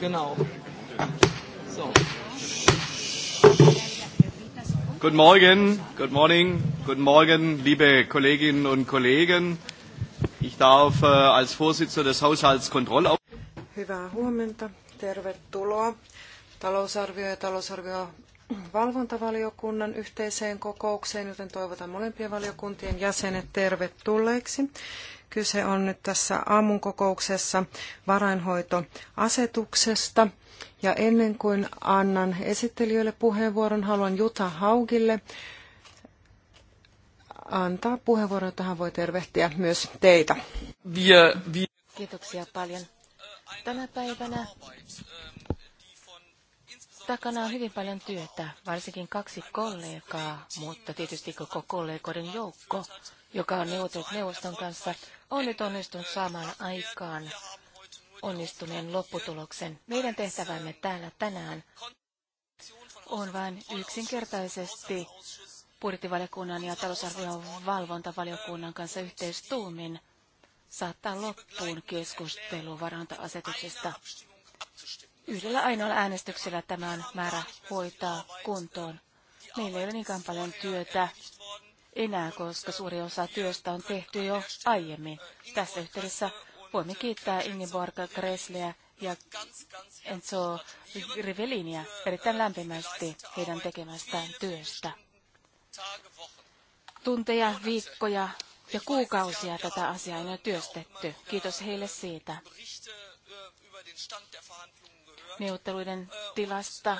Genau. So. Guten Morgen, good morning, guten Morgen, liebe Kolleginnen und Kollegen. Ich darf äh, als Vorsitzender des Haushaltskontrollausschusses. Hyvää huomenta, tervetuloa talousarvio- ja talousarviovalvontavaliokunnan valvontavaliokunnan yhteiseen kokoukseen, joten toivotan molempien valiokuntien jäsenet tervetulleeksi. Kyse on nyt tässä aamun kokouksessa varainhoitoasetuksesta. Ja ennen kuin annan esittelijöille puheenvuoron, haluan Juta Haugille antaa puheenvuoron, tähän voi tervehtiä myös teitä. Kiitoksia paljon. Tänä päivänä takana on hyvin paljon työtä, varsinkin kaksi kollegaa, mutta tietysti koko kollegoiden joukko, joka on neuvotellut neuvoston kanssa on nyt onnistunut saamaan aikaan onnistuneen lopputuloksen. Meidän tehtävämme täällä tänään on vain yksinkertaisesti budjettivaliokunnan ja talousarvion valvontavaliokunnan kanssa yhteistuumin saattaa loppuun keskustelu varanta-asetuksesta. Yhdellä ainoalla äänestyksellä tämä on määrä hoitaa kuntoon. Meillä ei ole niinkään paljon työtä enää, koska suuri osa työstä on tehty jo aiemmin. Tässä yhteydessä voimme kiittää Ingeborg Gresleä ja Enzo Rivelinia erittäin lämpimästi heidän tekemästään työstä. Tunteja, viikkoja ja kuukausia tätä asiaa on jo työstetty. Kiitos heille siitä. Neuvotteluiden tilasta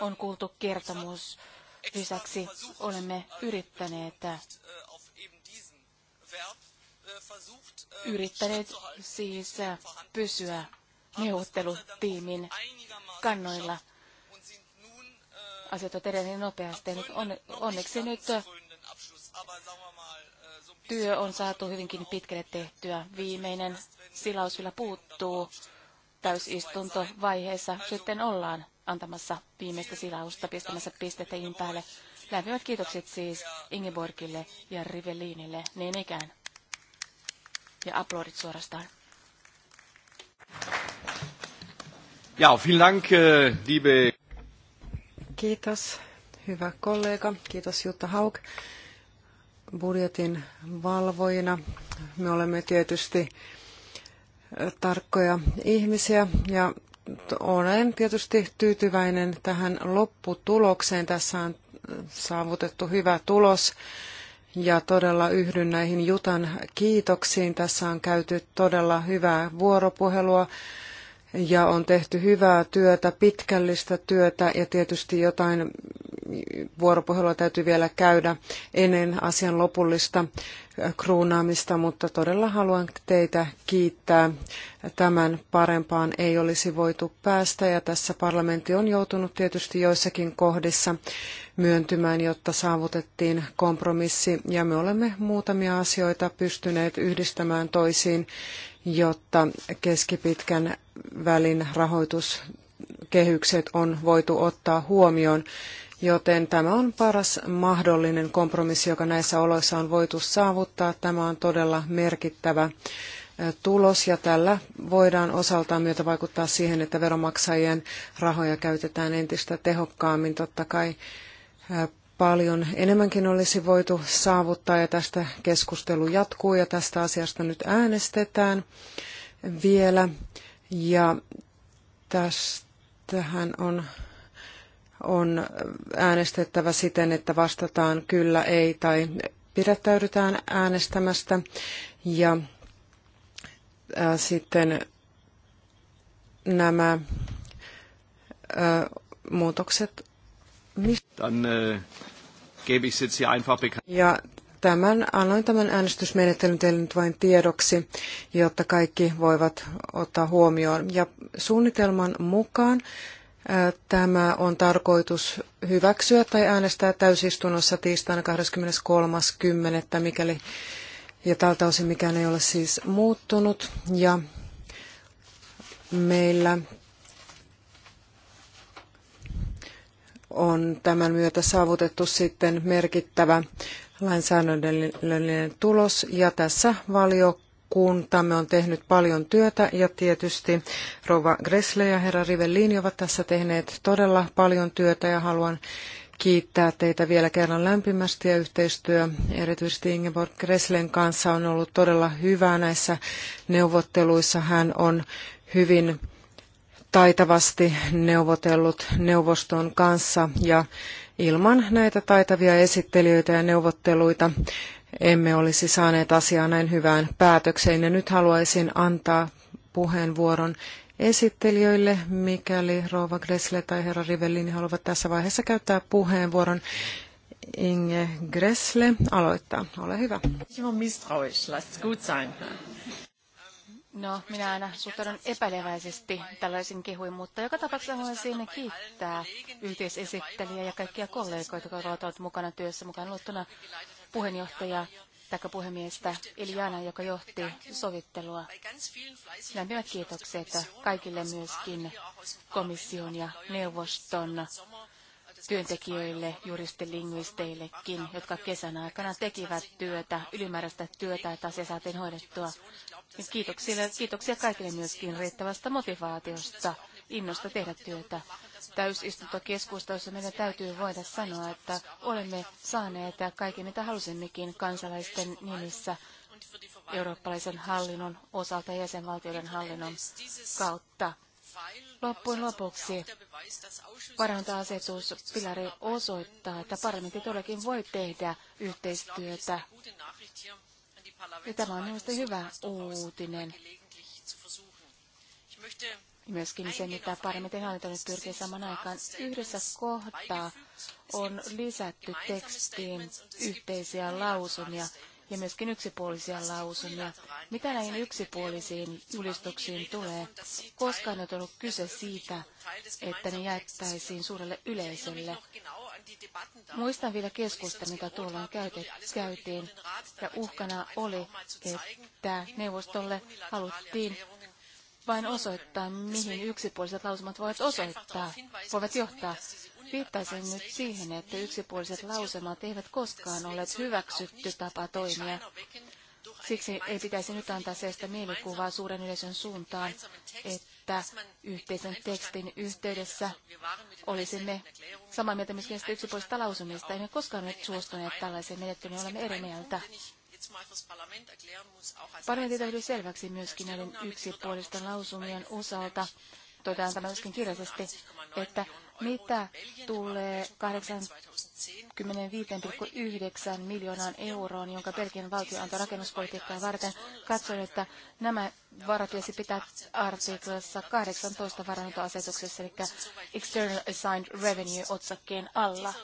on kuultu kertomus Lisäksi olemme yrittäneet äh, yrittäneet siis äh, pysyä neuvottelutiimin kannoilla. Asiat ovat edelleen nopeasti. On, onneksi nyt äh, työ on saatu hyvinkin pitkälle tehtyä. Viimeinen silaus vielä puuttuu täysistuntovaiheessa. Sitten ollaan antamassa viimeistä silausta, pistämässä pistettä in päälle. Lämpimät kiitokset siis Ingeborgille ja Rivelinille, niin ikään. Ja aplodit suorastaan. Ja, vielen Dank, äh, liebe... Kiitos, hyvä kollega. Kiitos Jutta Haug. Budjetin valvojina me olemme tietysti äh, tarkkoja ihmisiä ja olen tietysti tyytyväinen tähän lopputulokseen. Tässä on saavutettu hyvä tulos ja todella yhdyn näihin Jutan kiitoksiin. Tässä on käyty todella hyvää vuoropuhelua ja on tehty hyvää työtä, pitkällistä työtä ja tietysti jotain vuoropuhelua täytyy vielä käydä ennen asian lopullista äh, kruunaamista, mutta todella haluan teitä kiittää. Tämän parempaan ei olisi voitu päästä ja tässä parlamentti on joutunut tietysti joissakin kohdissa myöntymään, jotta saavutettiin kompromissi ja me olemme muutamia asioita pystyneet yhdistämään toisiin jotta keskipitkän välin rahoituskehykset on voitu ottaa huomioon, joten tämä on paras mahdollinen kompromissi, joka näissä oloissa on voitu saavuttaa. Tämä on todella merkittävä tulos ja tällä voidaan osaltaan myötä vaikuttaa siihen, että veromaksajien rahoja käytetään entistä tehokkaammin. Totta kai paljon enemmänkin olisi voitu saavuttaa ja tästä keskustelu jatkuu ja tästä asiasta nyt äänestetään vielä. Ja tästähän on, on äänestettävä siten, että vastataan kyllä, ei tai pidättäydytään äänestämästä. Ja ää, sitten nämä ää, muutokset. Dann äh, ja tämän, annoin tämän äänestysmenettelyn teille nyt vain tiedoksi, jotta kaikki voivat ottaa huomioon. Ja suunnitelman mukaan Tämä on tarkoitus hyväksyä tai äänestää täysistunnossa tiistaina 23.10. mikäli ja tältä osin mikään ei ole siis muuttunut. Ja meillä on tämän myötä saavutettu sitten merkittävä lainsäädännöllinen tulos ja tässä valiokuntamme on tehnyt paljon työtä ja tietysti Rova Gressle ja herra Rivellini ovat tässä tehneet todella paljon työtä ja haluan kiittää teitä vielä kerran lämpimästi ja yhteistyö erityisesti Ingeborg Gresslen kanssa on ollut todella hyvää näissä neuvotteluissa. Hän on hyvin taitavasti neuvotellut neuvoston kanssa ja ilman näitä taitavia esittelijöitä ja neuvotteluita emme olisi saaneet asiaa näin hyvään päätökseen. Ja nyt haluaisin antaa puheenvuoron esittelijöille, mikäli Rova Gressle tai herra Rivellini haluavat tässä vaiheessa käyttää puheenvuoron. Inge Gressle aloittaa. Ole hyvä. Ich bin misstrauisch. Lasst gut sein. No, minä aina suhtaudun epäileväisesti tällaisen kehuin, mutta joka tapauksessa haluan siinä kiittää yhteisesittelijä ja kaikkia kollegoita, jotka ovat olleet mukana työssä, mukaan luottuna puheenjohtaja tai puhemiestä Iljana, joka johti sovittelua. Lämpimät kiitokset kaikille myöskin komission ja neuvoston työntekijöille, juristilingvisteillekin, jotka kesän aikana tekivät työtä, ylimääräistä työtä, että asia saatiin hoidettua. Kiitoksia, kiitoksia kaikille myöskin riittävästä motivaatiosta, innosta tehdä työtä. Täysistuntokeskustelussa meidän täytyy voida sanoa, että olemme saaneet kaiken, mitä halusimmekin kansalaisten nimissä eurooppalaisen hallinnon osalta ja jäsenvaltioiden hallinnon kautta. Loppujen lopuksi varanta asetus Pilari osoittaa, että parlamentti todellakin voi tehdä yhteistyötä. Ja tämä on minusta hyvä uutinen. Myöskin se, mitä parlamentin hallinto nyt pyrkii saman aikaan. Yhdessä kohtaa on lisätty tekstiin yhteisiä lausumia, ja myöskin yksipuolisia lausumia. Mitä näihin yksipuolisiin julistuksiin tulee? Koskaan ei ollut kyse siitä, että ne jaettaisiin suurelle yleisölle. Muistan vielä keskusta, mitä tuolloin käytiin, ja uhkana oli, että neuvostolle haluttiin vain osoittaa, mihin yksipuoliset lausumat voivat osoittaa, voivat johtaa viittasin nyt siihen, että yksipuoliset lausemat eivät koskaan ole hyväksytty tapa toimia. Siksi ei pitäisi nyt antaa sellaista mielikuvaa suuren yleisön suuntaan, että yhteisen tekstin yhteydessä olisimme samaa mieltä myöskin näistä yksipuolista lausumista. Emme koskaan ole suostuneet tällaiseen menettelyyn, olemme eri mieltä. Parlamentti täytyy selväksi myöskin näiden yksipuolisten lausumien osalta, todetaan tämä myöskin kirjallisesti, että mitä tulee 85,9 miljoonaan euroon, jonka Belgian valtio antoi rakennuspolitiikkaa varten, katsoin, että nämä varat tulisi pitää artiklassa 18 varantoasetuksessa, eli External Assigned Revenue-otsakkeen alla.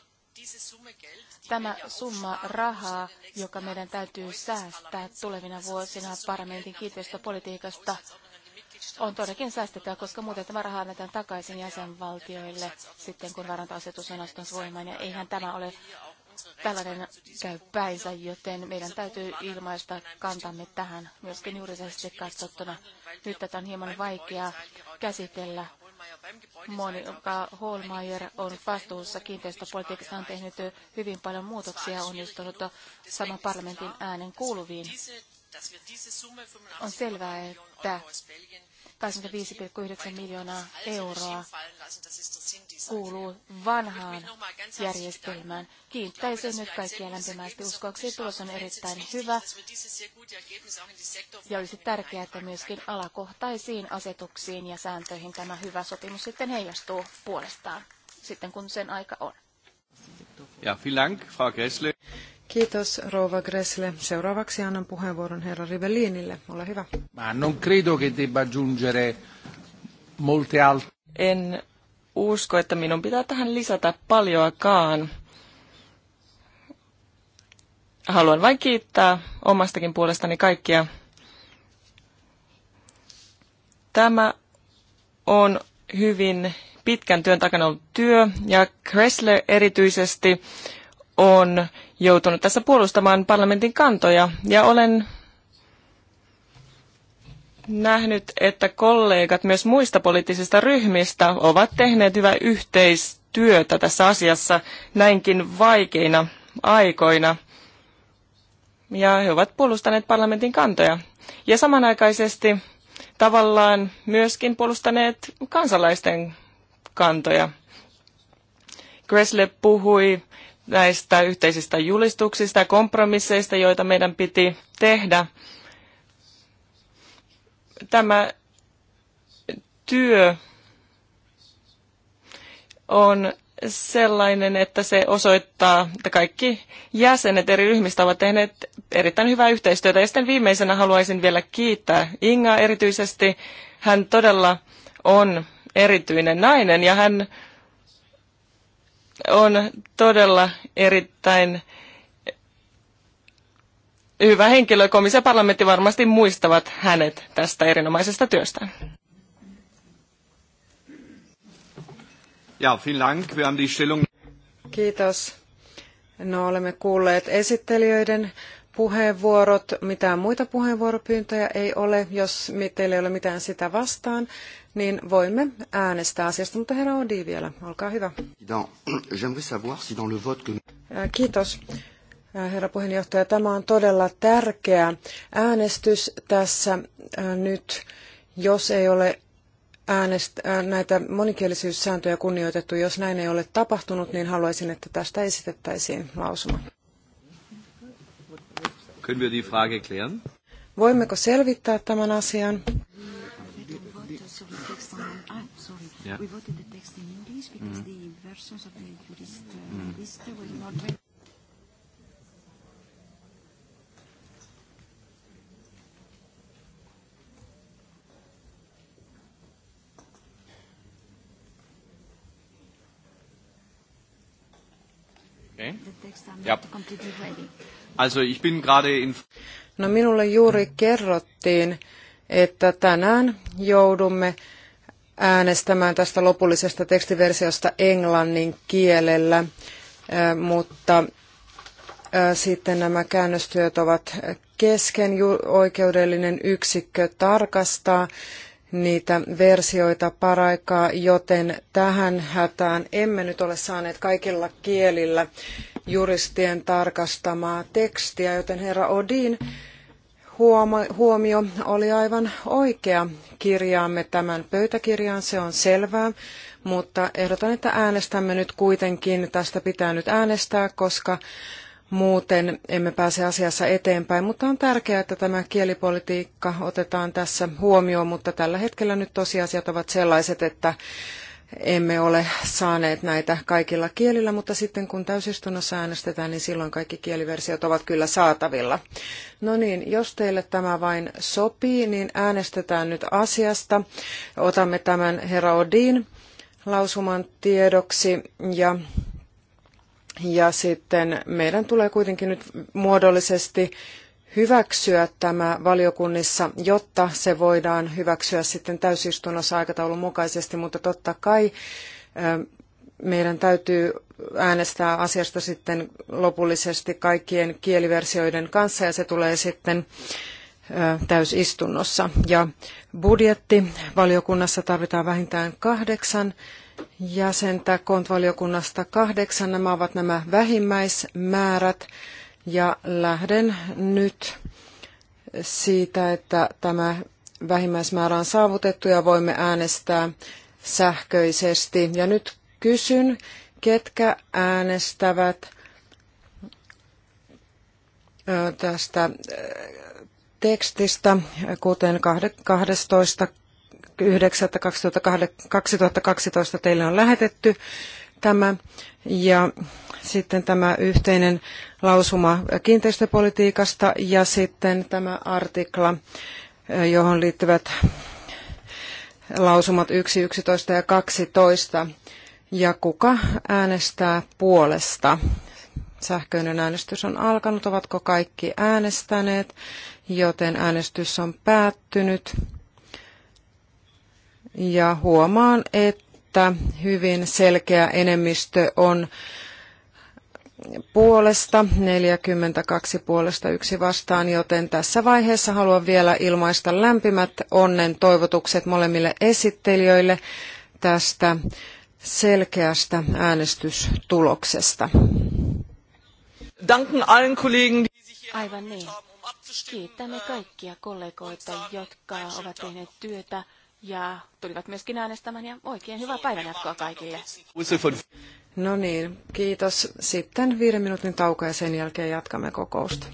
Tämä summa rahaa, joka meidän täytyy säästää tulevina vuosina parlamentin kiinteistöpolitiikasta, on todellakin säästettävä, koska muuten tämä raha annetaan takaisin jäsenvaltioille sitten, kun varantoasetus on astunut voimaan. Ja eihän tämä ole tällainen käy päinsä, joten meidän täytyy ilmaista kantamme tähän myöskin juridisesti katsottuna. Nyt tätä on hieman vaikea käsitellä. Monika Holmeier on vastuussa kiinteistöpolitiikasta, on tehnyt hyvin paljon muutoksia onnistunut saman parlamentin äänen kuuluviin. On selvää, että 85,9 miljoonaa euroa kuuluu vanhaan järjestelmään. Kiittäisin nyt kaikkia lämpimästi. Uskoakseni tulos on erittäin hyvä ja olisi tärkeää, että myöskin alakohtaisiin asetuksiin ja sääntöihin tämä hyvä sopimus sitten heijastuu puolestaan sitten, kun sen aika on. Ja, vielen Frau Gressle. Kiitos Rouva Gressle. Seuraavaksi annan puheenvuoron herra Rivellinille. Ole hyvä. Ma non credo che debba aggiungere molte altre. En usko, että minun pitää tähän lisätä paljoakaan. Haluan vain kiittää omastakin puolestani kaikkia. Tämä on hyvin pitkän työn takana ollut työ ja Kressler erityisesti on joutunut tässä puolustamaan parlamentin kantoja ja olen nähnyt, että kollegat myös muista poliittisista ryhmistä ovat tehneet hyvää yhteistyötä tässä asiassa näinkin vaikeina aikoina. Ja he ovat puolustaneet parlamentin kantoja. Ja samanaikaisesti tavallaan myöskin puolustaneet kansalaisten kantoja. Gressle puhui näistä yhteisistä julistuksista ja kompromisseista, joita meidän piti tehdä. Tämä työ on sellainen, että se osoittaa, että kaikki jäsenet eri ryhmistä ovat tehneet erittäin hyvää yhteistyötä. Ja sitten viimeisenä haluaisin vielä kiittää Inga erityisesti. Hän todella on erityinen nainen ja hän on todella erittäin hyvä henkilö. Komissio parlamentti varmasti muistavat hänet tästä erinomaisesta työstä. Ja, vielen Dank. Wir haben die Stellung... Kiitos. No, olemme kuulleet esittelijöiden puheenvuorot. Mitään muita puheenvuoropyyntöjä ei ole. Jos teillä ei ole mitään sitä vastaan, niin voimme äänestää asiasta. Mutta herra Odi vielä, olkaa hyvä. Kiitos. Äh, herra puheenjohtaja, tämä on todella tärkeä äänestys tässä äh, nyt, jos ei ole äänest- äh, näitä monikielisyyssääntöjä kunnioitettu. Jos näin ei ole tapahtunut, niin haluaisin, että tästä esitettäisiin lausuma. Können wir die Frage klären? Voimmeko selvittää tämän asian? Okay. The text are not yep. completely ready. Also ich bin gerade in... No minulle juuri kerrottiin, että tänään joudumme äänestämään tästä lopullisesta tekstiversiosta englannin kielellä, mutta sitten nämä käännöstyöt ovat kesken. Oikeudellinen yksikkö tarkastaa niitä versioita paraikaa, joten tähän hätään emme nyt ole saaneet kaikilla kielillä juristien tarkastamaa tekstiä, joten herra Odin huomio oli aivan oikea. Kirjaamme tämän pöytäkirjaan, se on selvää, mutta ehdotan, että äänestämme nyt kuitenkin. Tästä pitää nyt äänestää, koska muuten emme pääse asiassa eteenpäin, mutta on tärkeää, että tämä kielipolitiikka otetaan tässä huomioon, mutta tällä hetkellä nyt tosiasiat ovat sellaiset, että emme ole saaneet näitä kaikilla kielillä, mutta sitten kun täysistunnossa äänestetään, niin silloin kaikki kieliversiot ovat kyllä saatavilla. No niin, jos teille tämä vain sopii, niin äänestetään nyt asiasta. Otamme tämän herra Odin lausuman tiedoksi ja, ja sitten meidän tulee kuitenkin nyt muodollisesti hyväksyä tämä valiokunnissa, jotta se voidaan hyväksyä sitten täysistunnossa aikataulun mukaisesti, mutta totta kai meidän täytyy äänestää asiasta sitten lopullisesti kaikkien kieliversioiden kanssa ja se tulee sitten täysistunnossa. Ja budjetti valiokunnassa tarvitaan vähintään kahdeksan jäsentä, kontvaliokunnasta kahdeksan. Nämä ovat nämä vähimmäismäärät. Ja lähden nyt siitä, että tämä vähimmäismäärä on saavutettu ja voimme äänestää sähköisesti. Ja nyt kysyn, ketkä äänestävät tästä tekstistä, kuten 12.9.2012 teille on lähetetty tämä ja sitten tämä yhteinen lausuma kiinteistöpolitiikasta ja sitten tämä artikla, eh, johon liittyvät lausumat 1, 11 ja 12. Ja kuka äänestää puolesta? Sähköinen äänestys on alkanut. Ovatko kaikki äänestäneet? Joten äänestys on päättynyt. Ja huomaan, että että hyvin selkeä enemmistö on puolesta, 42 puolesta yksi vastaan, joten tässä vaiheessa haluan vielä ilmaista lämpimät onnen toivotukset molemmille esittelijöille tästä selkeästä äänestystuloksesta. Danken allen Kollegen, Aivan niin. Um Kiitämme kaikkia kollegoita, jotka ovat tehneet työtä ja tulivat myöskin äänestämään ja oikein hyvää päivänjatkoa kaikille. No niin, kiitos. Sitten viiden minuutin tauko ja sen jälkeen jatkamme kokousta.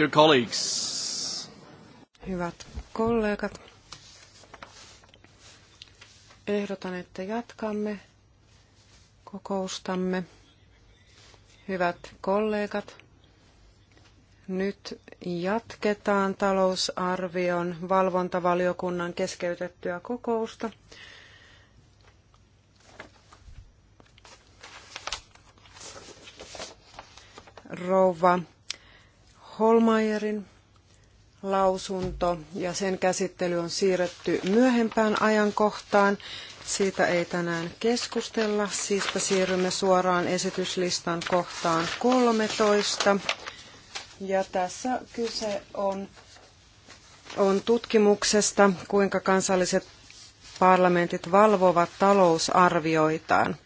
Dear colleagues. Hyvät kollegat, ehdotan, että jatkamme kokoustamme. Hyvät kollegat, nyt jatketaan talousarvion valvontavaliokunnan keskeytettyä kokousta. Rouva Holmajerin lausunto ja sen käsittely on siirretty myöhempään ajankohtaan. Siitä ei tänään keskustella, siispä siirrymme suoraan esityslistan kohtaan 13. Ja tässä kyse on, on tutkimuksesta, kuinka kansalliset parlamentit valvovat talousarvioitaan.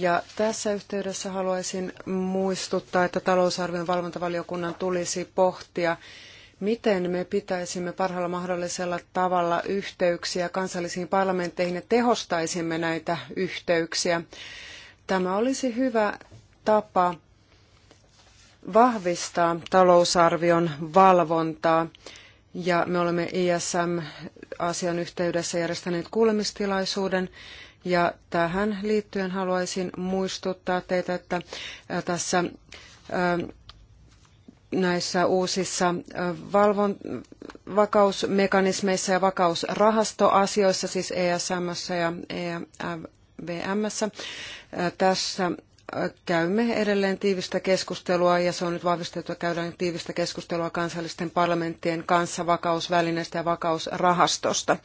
Ja tässä yhteydessä haluaisin muistuttaa, että talousarvion valvontavaliokunnan tulisi pohtia, miten me pitäisimme parhaalla mahdollisella tavalla yhteyksiä kansallisiin parlamentteihin ja tehostaisimme näitä yhteyksiä. Tämä olisi hyvä tapa vahvistaa talousarvion valvontaa. Ja me olemme ISM-asian yhteydessä järjestäneet kuulemistilaisuuden ja tähän liittyen haluaisin muistuttaa teitä, että äh, tässä ähm, näissä uusissa äh, valvon, vakausmekanismeissa ja vakausrahastoasioissa, siis ESM ja EVM, äh, tässä käymme edelleen tiivistä keskustelua ja se on nyt vahvistettu, että käydään tiivistä keskustelua kansallisten parlamenttien kanssa vakausvälineestä ja vakausrahastosta.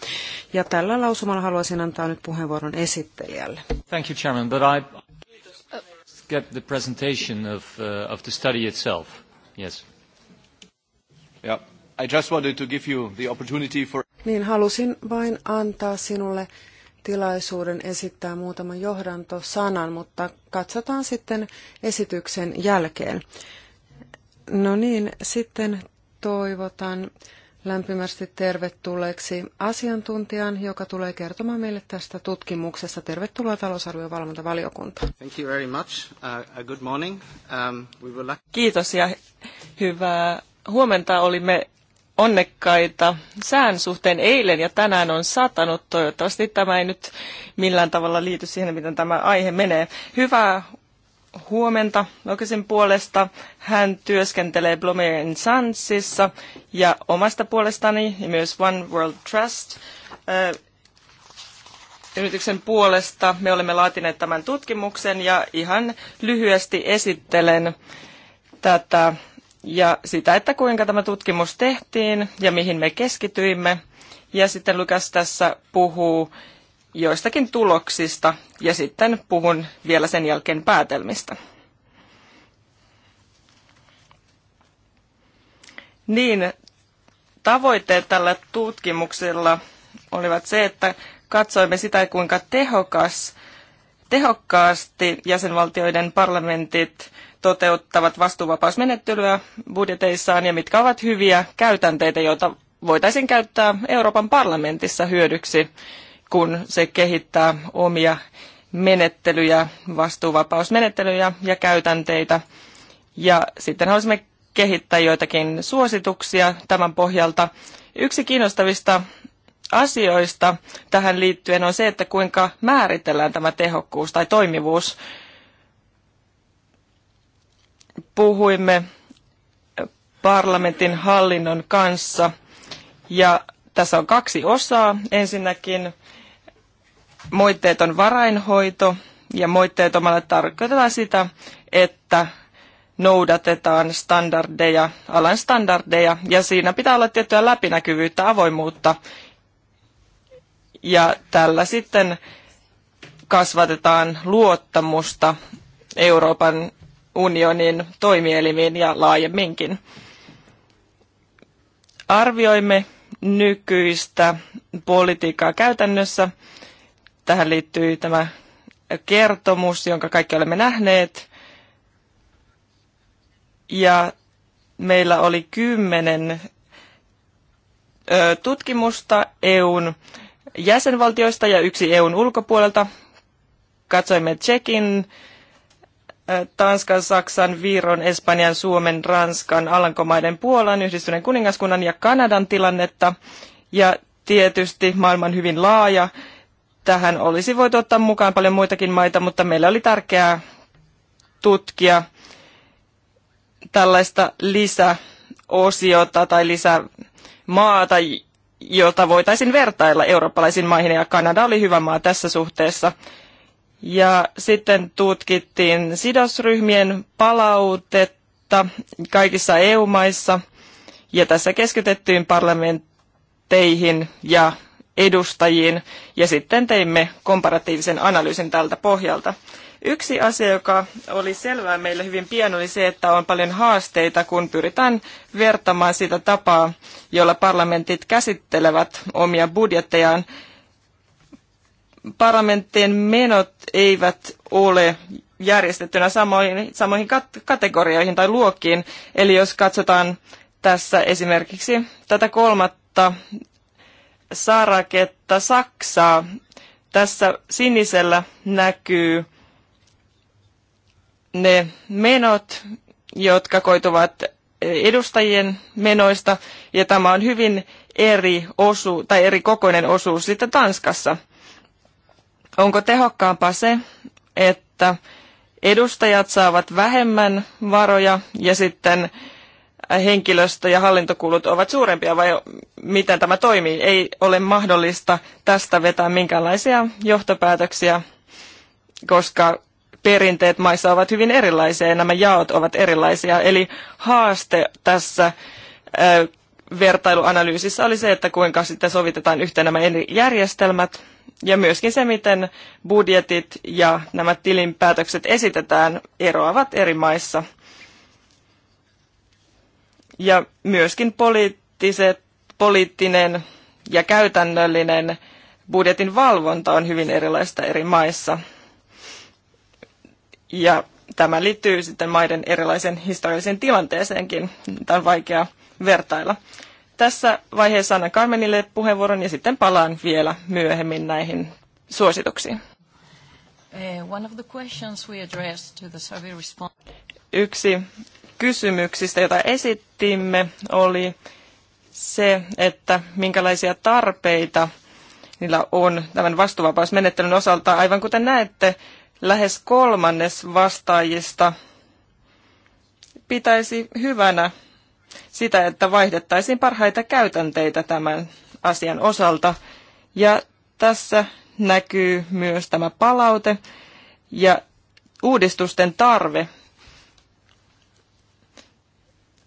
Ja tällä lausumalla haluaisin antaa nyt puheenvuoron esittelijälle. Thank you, Chairman, but I get the presentation of, uh, of the study itself. Yes. Yeah. I just wanted to give you the opportunity for... Niin halusin vain antaa sinulle tilaisuuden esittää muutaman johdantosanan, mutta katsotaan sitten esityksen jälkeen. No niin, sitten toivotan lämpimästi tervetulleeksi asiantuntijan, joka tulee kertomaan meille tästä tutkimuksesta. Tervetuloa talousarvion valvontavaliokuntaan. Uh, Um, Kiitos ja hyvää huomenta. Olimme onnekkaita sään suhteen. Eilen ja tänään on satanut. Toivottavasti tämä ei nyt millään tavalla liity siihen, miten tämä aihe menee. Hyvää huomenta Lokesin puolesta. Hän työskentelee Blomeen Sansissa ja omasta puolestani ja myös One World Trust äh, yrityksen puolesta. Me olemme laatineet tämän tutkimuksen ja ihan lyhyesti esittelen tätä ja sitä, että kuinka tämä tutkimus tehtiin ja mihin me keskityimme. Ja sitten Lukas tässä puhuu joistakin tuloksista ja sitten puhun vielä sen jälkeen päätelmistä. Niin, tavoitteet tällä tutkimuksella olivat se, että katsoimme sitä, kuinka tehokas, tehokkaasti jäsenvaltioiden parlamentit toteuttavat vastuuvapausmenettelyä budjeteissaan ja mitkä ovat hyviä käytänteitä, joita voitaisiin käyttää Euroopan parlamentissa hyödyksi, kun se kehittää omia menettelyjä, vastuuvapausmenettelyjä ja käytänteitä. Ja sitten haluaisimme kehittää joitakin suosituksia tämän pohjalta. Yksi kiinnostavista asioista tähän liittyen on se, että kuinka määritellään tämä tehokkuus tai toimivuus puhuimme parlamentin hallinnon kanssa. Ja tässä on kaksi osaa. Ensinnäkin moitteeton varainhoito ja moitteettomalla tarkoitetaan sitä, että noudatetaan standardeja, alan standardeja, ja siinä pitää olla tiettyä läpinäkyvyyttä, avoimuutta. Ja tällä sitten kasvatetaan luottamusta Euroopan unionin toimielimiin ja laajemminkin. Arvioimme nykyistä politiikkaa käytännössä. Tähän liittyy tämä kertomus, jonka kaikki olemme nähneet. Ja meillä oli kymmenen tutkimusta EUn jäsenvaltioista ja yksi EUn ulkopuolelta. Katsoimme Tsekin, Tanskan, Saksan, Viron, Espanjan, Suomen, Ranskan, Alankomaiden, Puolan, Yhdistyneen kuningaskunnan ja Kanadan tilannetta. Ja tietysti maailman hyvin laaja. Tähän olisi voitu ottaa mukaan paljon muitakin maita, mutta meillä oli tärkeää tutkia tällaista lisäosiota tai lisämaata, jota voitaisiin vertailla eurooppalaisiin maihin, ja Kanada oli hyvä maa tässä suhteessa. Ja sitten tutkittiin sidosryhmien palautetta kaikissa EU-maissa. Ja tässä keskitettiin parlamentteihin ja edustajiin. Ja sitten teimme komparatiivisen analyysin tältä pohjalta. Yksi asia, joka oli selvää meille hyvin pian, oli se, että on paljon haasteita, kun pyritään vertaamaan sitä tapaa, jolla parlamentit käsittelevät omia budjettejaan parlamenttien menot eivät ole järjestettynä samoihin, samoihin kat- kategorioihin tai luokkiin. Eli jos katsotaan tässä esimerkiksi tätä kolmatta saraketta Saksaa, tässä sinisellä näkyy ne menot, jotka koituvat edustajien menoista, ja tämä on hyvin eri osu, tai eri kokoinen osuus sitten Tanskassa – Onko tehokkaampaa se, että edustajat saavat vähemmän varoja ja sitten henkilöstö- ja hallintokulut ovat suurempia vai miten tämä toimii? Ei ole mahdollista tästä vetää minkäänlaisia johtopäätöksiä, koska perinteet maissa ovat hyvin erilaisia ja nämä jaot ovat erilaisia. Eli haaste tässä vertailuanalyysissä oli se, että kuinka sitten sovitetaan yhteen nämä eri järjestelmät ja myöskin se, miten budjetit ja nämä tilinpäätökset esitetään eroavat eri maissa. Ja myöskin poliittiset, poliittinen ja käytännöllinen budjetin valvonta on hyvin erilaista eri maissa. Ja tämä liittyy sitten maiden erilaisen historialliseen tilanteeseenkin. Tämä on vaikea vertailla. Tässä vaiheessa annan Carmenille puheenvuoron ja sitten palaan vielä myöhemmin näihin suosituksiin. Uh, Yksi kysymyksistä, jota esittimme, oli se, että minkälaisia tarpeita niillä on tämän vastuuvapausmenettelyn osalta. Aivan kuten näette, lähes kolmannes vastaajista pitäisi hyvänä sitä, että vaihdettaisiin parhaita käytänteitä tämän asian osalta. Ja tässä näkyy myös tämä palaute ja uudistusten tarve.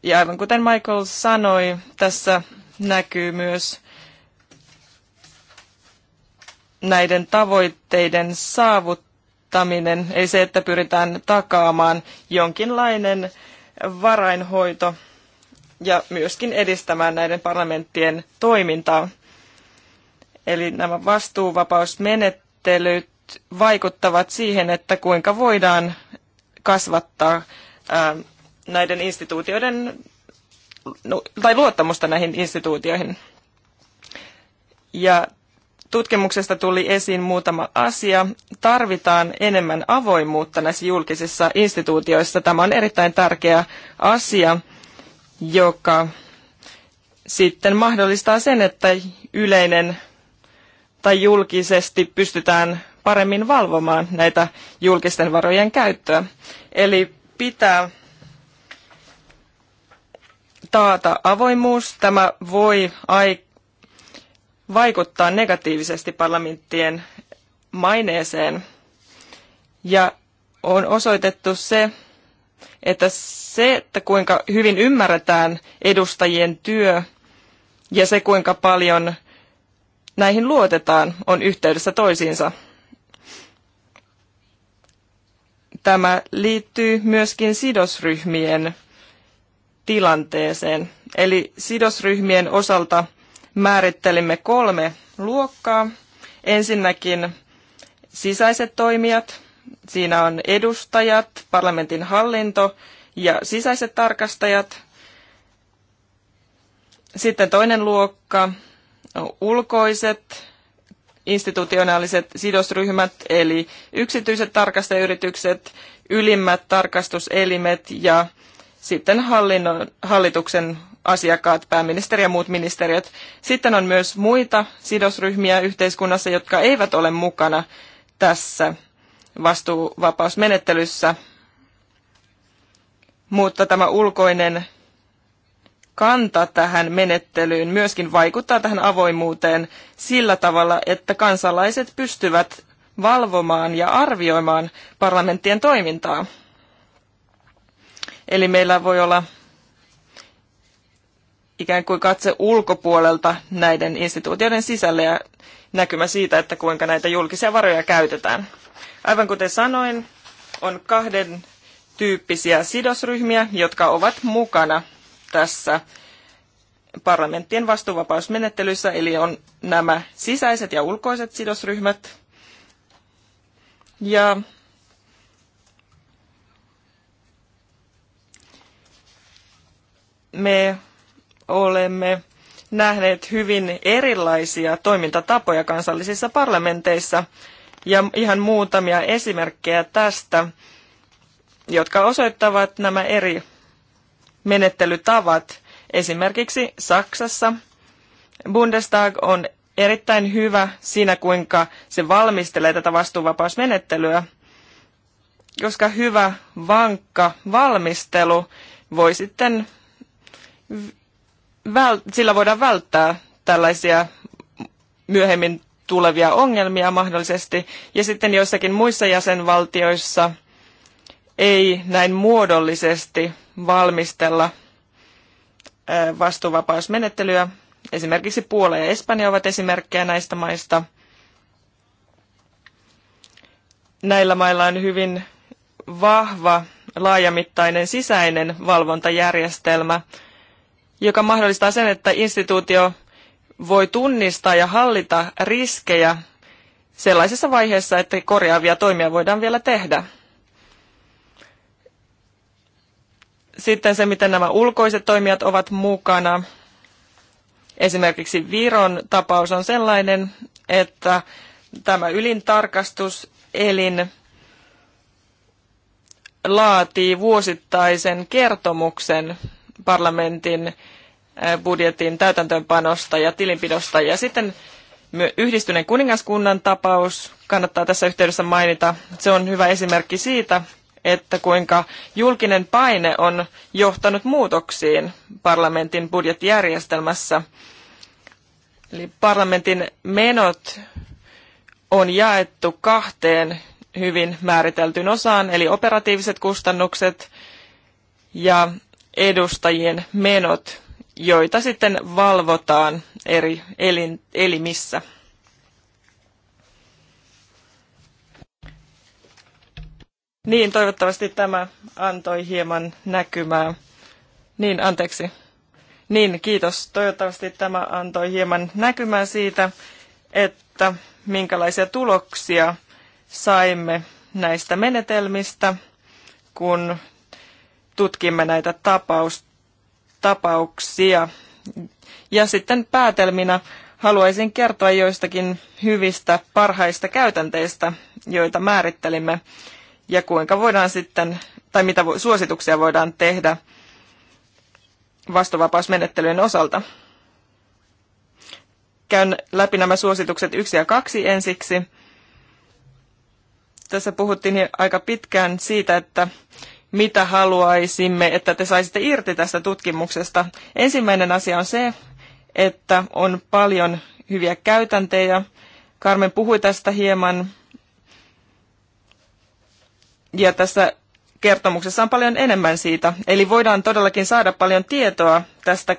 Ja aivan kuten Michael sanoi, tässä näkyy myös näiden tavoitteiden saavuttaminen, ei se, että pyritään takaamaan jonkinlainen varainhoito ja myöskin edistämään näiden parlamenttien toimintaa. Eli nämä vastuuvapausmenettelyt vaikuttavat siihen, että kuinka voidaan kasvattaa ähm, näiden instituutioiden no, tai luottamusta näihin instituutioihin. Ja tutkimuksesta tuli esiin muutama asia. Tarvitaan enemmän avoimuutta näissä julkisissa instituutioissa. Tämä on erittäin tärkeä asia joka sitten mahdollistaa sen, että yleinen tai julkisesti pystytään paremmin valvomaan näitä julkisten varojen käyttöä. Eli pitää taata avoimuus. Tämä voi ai- vaikuttaa negatiivisesti parlamenttien maineeseen. Ja on osoitettu se, että se, että kuinka hyvin ymmärretään edustajien työ ja se, kuinka paljon näihin luotetaan, on yhteydessä toisiinsa. Tämä liittyy myöskin sidosryhmien tilanteeseen. Eli sidosryhmien osalta määrittelimme kolme luokkaa. Ensinnäkin sisäiset toimijat, Siinä on edustajat, parlamentin hallinto ja sisäiset tarkastajat. Sitten toinen luokka on ulkoiset institutionaaliset sidosryhmät, eli yksityiset tarkastajayritykset, ylimmät tarkastuselimet ja sitten hallinnon, hallituksen asiakkaat, pääministeri ja muut ministeriöt. Sitten on myös muita sidosryhmiä yhteiskunnassa, jotka eivät ole mukana tässä vastuuvapausmenettelyssä, mutta tämä ulkoinen kanta tähän menettelyyn myöskin vaikuttaa tähän avoimuuteen sillä tavalla, että kansalaiset pystyvät valvomaan ja arvioimaan parlamenttien toimintaa. Eli meillä voi olla ikään kuin katse ulkopuolelta näiden instituutioiden sisälle ja näkymä siitä, että kuinka näitä julkisia varoja käytetään. Aivan kuten sanoin, on kahden tyyppisiä sidosryhmiä, jotka ovat mukana tässä parlamenttien vastuuvapausmenettelyssä, eli on nämä sisäiset ja ulkoiset sidosryhmät. Ja me olemme nähneet hyvin erilaisia toimintatapoja kansallisissa parlamenteissa ja ihan muutamia esimerkkejä tästä, jotka osoittavat nämä eri menettelytavat. Esimerkiksi Saksassa Bundestag on erittäin hyvä siinä, kuinka se valmistelee tätä vastuuvapausmenettelyä, koska hyvä, vankka valmistelu voi sitten sillä voidaan välttää tällaisia myöhemmin tulevia ongelmia mahdollisesti. Ja sitten joissakin muissa jäsenvaltioissa ei näin muodollisesti valmistella vastuuvapausmenettelyä. Esimerkiksi Puola ja Espanja ovat esimerkkejä näistä maista. Näillä mailla on hyvin vahva, laajamittainen sisäinen valvontajärjestelmä – joka mahdollistaa sen, että instituutio voi tunnistaa ja hallita riskejä sellaisessa vaiheessa, että korjaavia toimia voidaan vielä tehdä. Sitten se, miten nämä ulkoiset toimijat ovat mukana. Esimerkiksi Viron tapaus on sellainen, että tämä ylintarkastuselin laatii vuosittaisen kertomuksen parlamentin äh, budjetin täytäntöönpanosta ja tilinpidosta. Ja sitten yhdistyneen kuningaskunnan tapaus kannattaa tässä yhteydessä mainita. Se on hyvä esimerkki siitä, että kuinka julkinen paine on johtanut muutoksiin parlamentin budjettijärjestelmässä. Eli parlamentin menot on jaettu kahteen hyvin määriteltyyn osaan, eli operatiiviset kustannukset ja edustajien menot, joita sitten valvotaan eri elin, elimissä. Niin, toivottavasti tämä antoi hieman näkymää. Niin, anteeksi. Niin, kiitos. Toivottavasti tämä antoi hieman näkymää siitä, että minkälaisia tuloksia saimme näistä menetelmistä, kun tutkimme näitä tapaus, tapauksia. Ja sitten päätelminä haluaisin kertoa joistakin hyvistä parhaista käytänteistä, joita määrittelimme ja kuinka voidaan sitten, tai mitä suosituksia voidaan tehdä vastuvapausmenettelyjen osalta. Käyn läpi nämä suositukset yksi ja kaksi ensiksi. Tässä puhuttiin aika pitkään siitä, että mitä haluaisimme, että te saisitte irti tästä tutkimuksesta. Ensimmäinen asia on se, että on paljon hyviä käytäntöjä. Carmen puhui tästä hieman. Ja tässä kertomuksessa on paljon enemmän siitä. Eli voidaan todellakin saada paljon tietoa tästä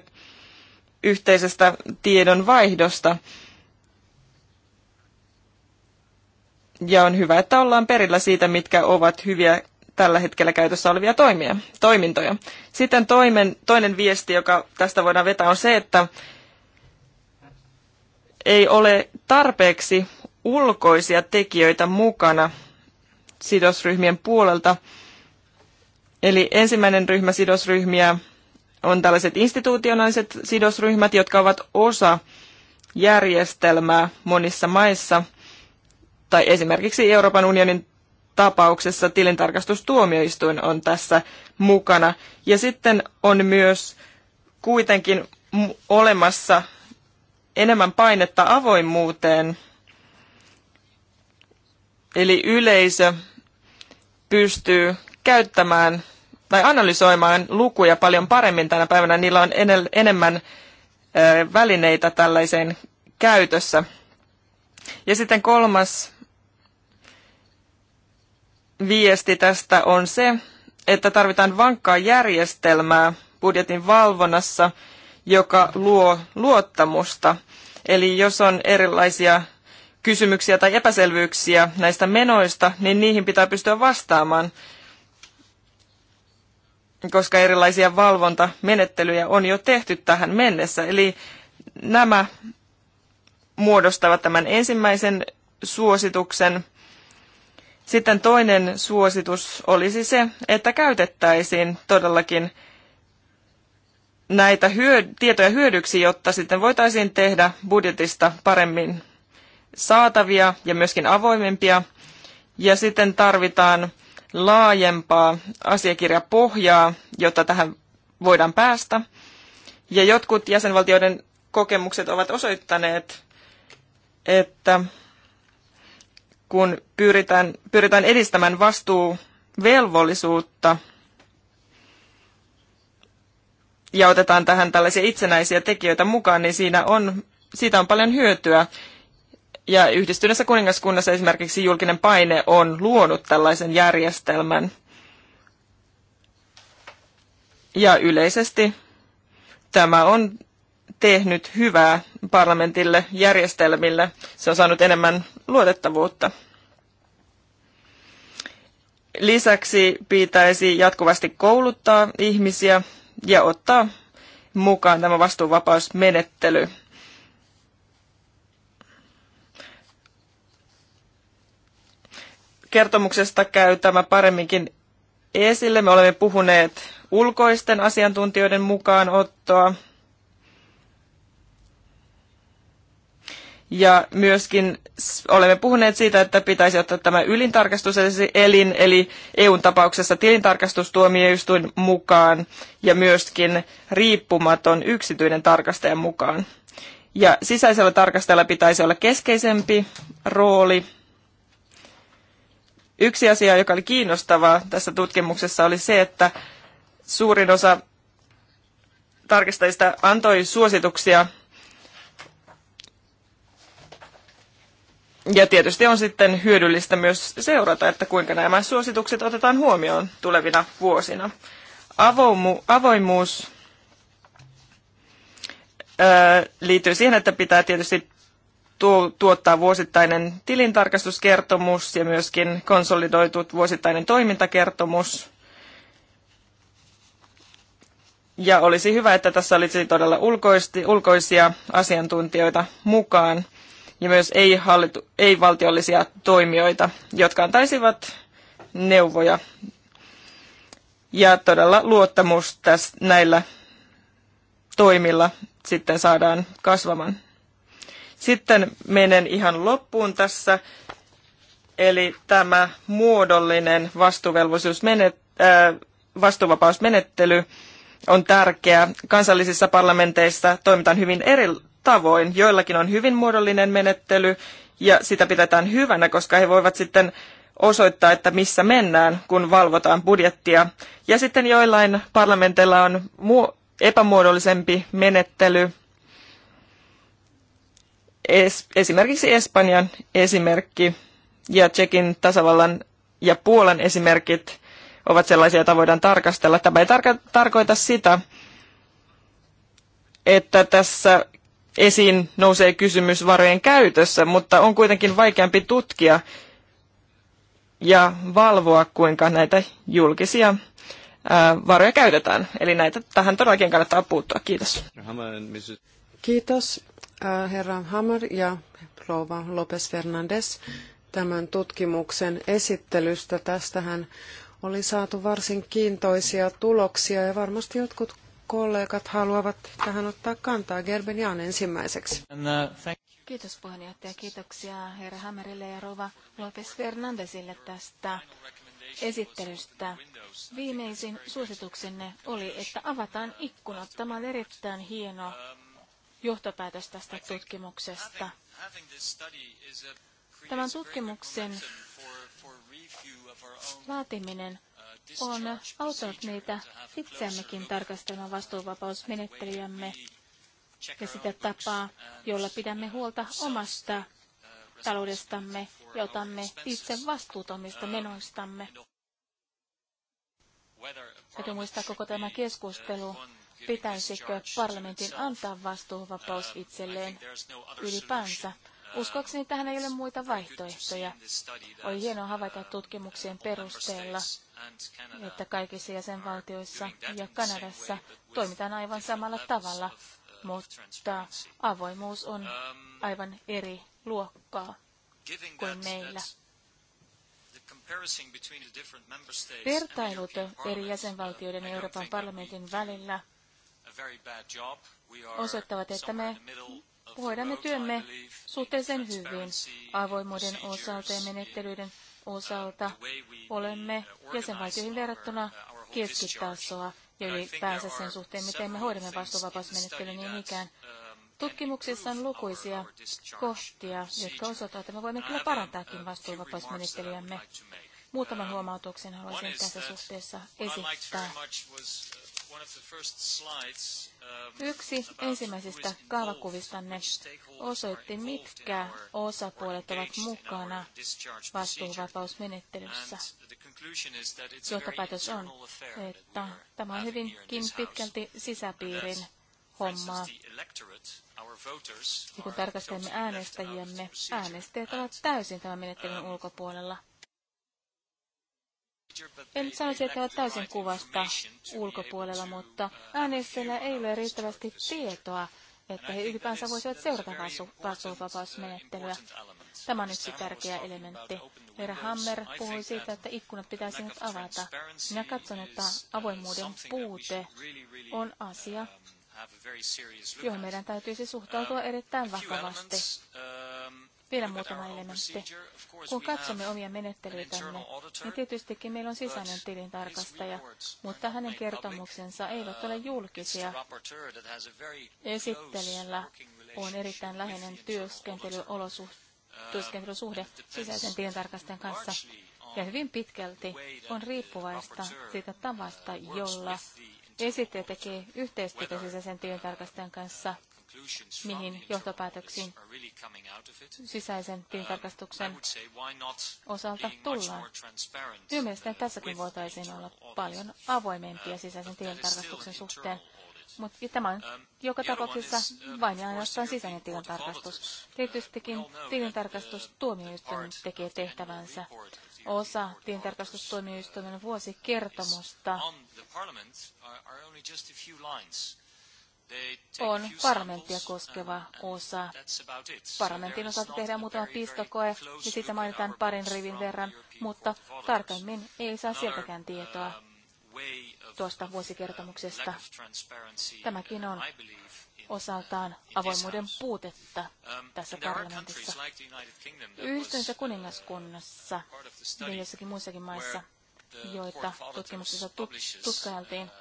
yhteisestä tiedon vaihdosta. Ja on hyvä, että ollaan perillä siitä, mitkä ovat hyviä tällä hetkellä käytössä olevia toimia, toimintoja. Sitten toimen, toinen viesti, joka tästä voidaan vetää, on se, että ei ole tarpeeksi ulkoisia tekijöitä mukana sidosryhmien puolelta. Eli ensimmäinen ryhmä sidosryhmiä on tällaiset institutionaaliset sidosryhmät, jotka ovat osa järjestelmää monissa maissa, tai esimerkiksi Euroopan unionin tapauksessa tilintarkastustuomioistuin on tässä mukana. Ja sitten on myös kuitenkin olemassa enemmän painetta avoimuuteen, eli yleisö pystyy käyttämään tai analysoimaan lukuja paljon paremmin tänä päivänä. Niillä on enemmän välineitä tällaiseen käytössä. Ja sitten kolmas viesti tästä on se, että tarvitaan vankkaa järjestelmää budjetin valvonnassa, joka luo luottamusta. Eli jos on erilaisia kysymyksiä tai epäselvyyksiä näistä menoista, niin niihin pitää pystyä vastaamaan, koska erilaisia valvontamenettelyjä on jo tehty tähän mennessä. Eli nämä muodostavat tämän ensimmäisen suosituksen sitten toinen suositus olisi se, että käytettäisiin todellakin näitä hyö- tietoja hyödyksi, jotta sitten voitaisiin tehdä budjetista paremmin saatavia ja myöskin avoimempia. Ja sitten tarvitaan laajempaa asiakirjapohjaa, jotta tähän voidaan päästä. Ja jotkut jäsenvaltioiden kokemukset ovat osoittaneet, että kun pyritään, pyritään edistämään vastuuvelvollisuutta ja otetaan tähän tällaisia itsenäisiä tekijöitä mukaan, niin siinä on, siitä on paljon hyötyä. Ja yhdistyneessä kuningaskunnassa esimerkiksi julkinen paine on luonut tällaisen järjestelmän. Ja yleisesti tämä on tehnyt hyvää parlamentille järjestelmille. Se on saanut enemmän luotettavuutta. Lisäksi pitäisi jatkuvasti kouluttaa ihmisiä ja ottaa mukaan tämä vastuuvapausmenettely. Kertomuksesta käy tämä paremminkin esille. Me olemme puhuneet ulkoisten asiantuntijoiden mukaan ottoa Ja myöskin olemme puhuneet siitä, että pitäisi ottaa tämä ylintarkastuselin, eli EUn tapauksessa tilintarkastustuomioistuin mukaan ja myöskin riippumaton yksityinen tarkastaja mukaan. Ja sisäisellä tarkastajalla pitäisi olla keskeisempi rooli. Yksi asia, joka oli kiinnostavaa tässä tutkimuksessa, oli se, että suurin osa tarkastajista antoi suosituksia Ja tietysti on sitten hyödyllistä myös seurata, että kuinka nämä suositukset otetaan huomioon tulevina vuosina. Avoimu, avoimuus ö, liittyy siihen, että pitää tietysti tuo, tuottaa vuosittainen tilintarkastuskertomus ja myöskin konsolidoitut vuosittainen toimintakertomus. Ja olisi hyvä, että tässä olisi todella ulkoisti, ulkoisia asiantuntijoita mukaan ja myös ei-hallitu, ei-valtiollisia toimijoita, jotka antaisivat neuvoja ja todella luottamus tässä, näillä toimilla sitten saadaan kasvamaan. Sitten menen ihan loppuun tässä, eli tämä muodollinen vastuuvelvollisuusmenet, äh, vastuuvapausmenettely – on tärkeää. Kansallisissa parlamenteissa toimitaan hyvin eri tavoin. Joillakin on hyvin muodollinen menettely ja sitä pidetään hyvänä, koska he voivat sitten osoittaa, että missä mennään, kun valvotaan budjettia. Ja sitten joillain parlamenteilla on epämuodollisempi menettely. Es- esimerkiksi Espanjan esimerkki ja Tsekin tasavallan ja Puolan esimerkit ovat sellaisia, joita voidaan tarkastella. Tämä ei tarko- tarkoita sitä, että tässä esiin nousee kysymys varojen käytössä, mutta on kuitenkin vaikeampi tutkia ja valvoa, kuinka näitä julkisia varoja käytetään. Eli näitä tähän todellakin kannattaa puuttua. Kiitos. Kiitos herra Hammer ja rouva Lopez Fernandes tämän tutkimuksen esittelystä. Tästähän oli saatu varsin kiintoisia tuloksia ja varmasti jotkut kollegat haluavat tähän ottaa kantaa. Gerben Jan ensimmäiseksi. Uh, Kiitos puheenjohtaja. Kiitoksia herra Hammerille ja Rova Lopes Fernandesille tästä esittelystä. Viimeisin suosituksenne oli, että avataan ikkunat. Tämä on erittäin hieno johtopäätös tästä tutkimuksesta. Tämän tutkimuksen laatiminen on auttanut meitä itseämmekin tarkastelemaan vastuuvapausmenettelyjämme ja sitä tapaa, jolla pidämme huolta omasta taloudestamme ja otamme itse vastuutomista menoistamme. Täytyy muistaa koko tämä keskustelu, pitäisikö parlamentin antaa vastuuvapaus itselleen ylipäänsä. Uskoakseni tähän ei ole muita vaihtoehtoja. Oli hienoa havaita tutkimuksien perusteella, että kaikissa jäsenvaltioissa ja Kanadassa toimitaan aivan samalla tavalla, mutta avoimuus on aivan eri luokkaa kuin meillä. Vertailut eri jäsenvaltioiden ja Euroopan parlamentin välillä osoittavat, että me hoidamme työmme suhteellisen hyvin avoimuuden osalta ja menettelyiden osalta. Olemme jäsenvaltioihin verrattuna keskitasoa ja ylipäänsä sen suhteen, miten me hoidamme vastuuvapausmenettelyä niin ikään. Tutkimuksissa on lukuisia kohtia, jotka osoittavat, että me voimme kyllä parantaakin vastuuvapausmenettelyämme. Muutaman huomautuksen haluaisin tässä suhteessa esittää. Um, Yksi ensimmäisistä kaavakuvistanne osoitti, mitkä osapuolet ovat mukana vastuuvapausmenettelyssä. Johtopäätös on, että tämä on hyvinkin pitkälti sisäpiirin hommaa. Ja kun tarkastelemme äänestäjiämme, äänestäjät ovat täysin tämän menettelyn um, ulkopuolella. En sano että täysin kuvasta ulkopuolella, mutta äänestäjillä ei ole riittävästi tietoa, että he ylipäänsä voisivat seurata vastuuvapausmenettelyä. Tämä on yksi tärkeä elementti. Herra Hammer puhui siitä, että ikkunat pitäisi nyt avata. Minä katson, että avoimuuden puute on asia, johon meidän täytyisi suhtautua erittäin vakavasti. Vielä muutama elementti. Kun katsomme omia menettelyitämme, niin tietystikin meillä on sisäinen tilintarkastaja, mutta hänen kertomuksensa eivät ole julkisia. Esittelijällä on erittäin läheinen työskentelysuhde sisäisen tilintarkastajan kanssa ja hyvin pitkälti on riippuvaista siitä tavasta, jolla esittäjä tekee yhteistyötä sisäisen tilintarkastajan kanssa – mihin johtopäätöksiin sisäisen um, tilintarkastuksen osalta tullaan. Minun mielestäni tässäkin voitaisiin olla paljon avoimempia uh, sisäisen tilintarkastuksen suhteen. Mutta tämä on um, joka tapauksessa uh, vain ja ainoastaan sisäinen tilintarkastus. Um, Tietystikin uh, tilintarkastus tuomioistuin tekee tehtävänsä. Osa tilintarkastustuomioistuimen vuosikertomusta on parlamenttia koskeva osa. Parlamentin osalta tehdään muutama pistokoe ja siitä mainitaan parin rivin verran, mutta tarkemmin ei saa sieltäkään tietoa tuosta vuosikertomuksesta. Tämäkin on osaltaan avoimuuden puutetta tässä parlamentissa. Yhdistyneessä kuningaskunnassa ja niin jossakin muissakin maissa, joita tutkimuksessa tutkailtiin,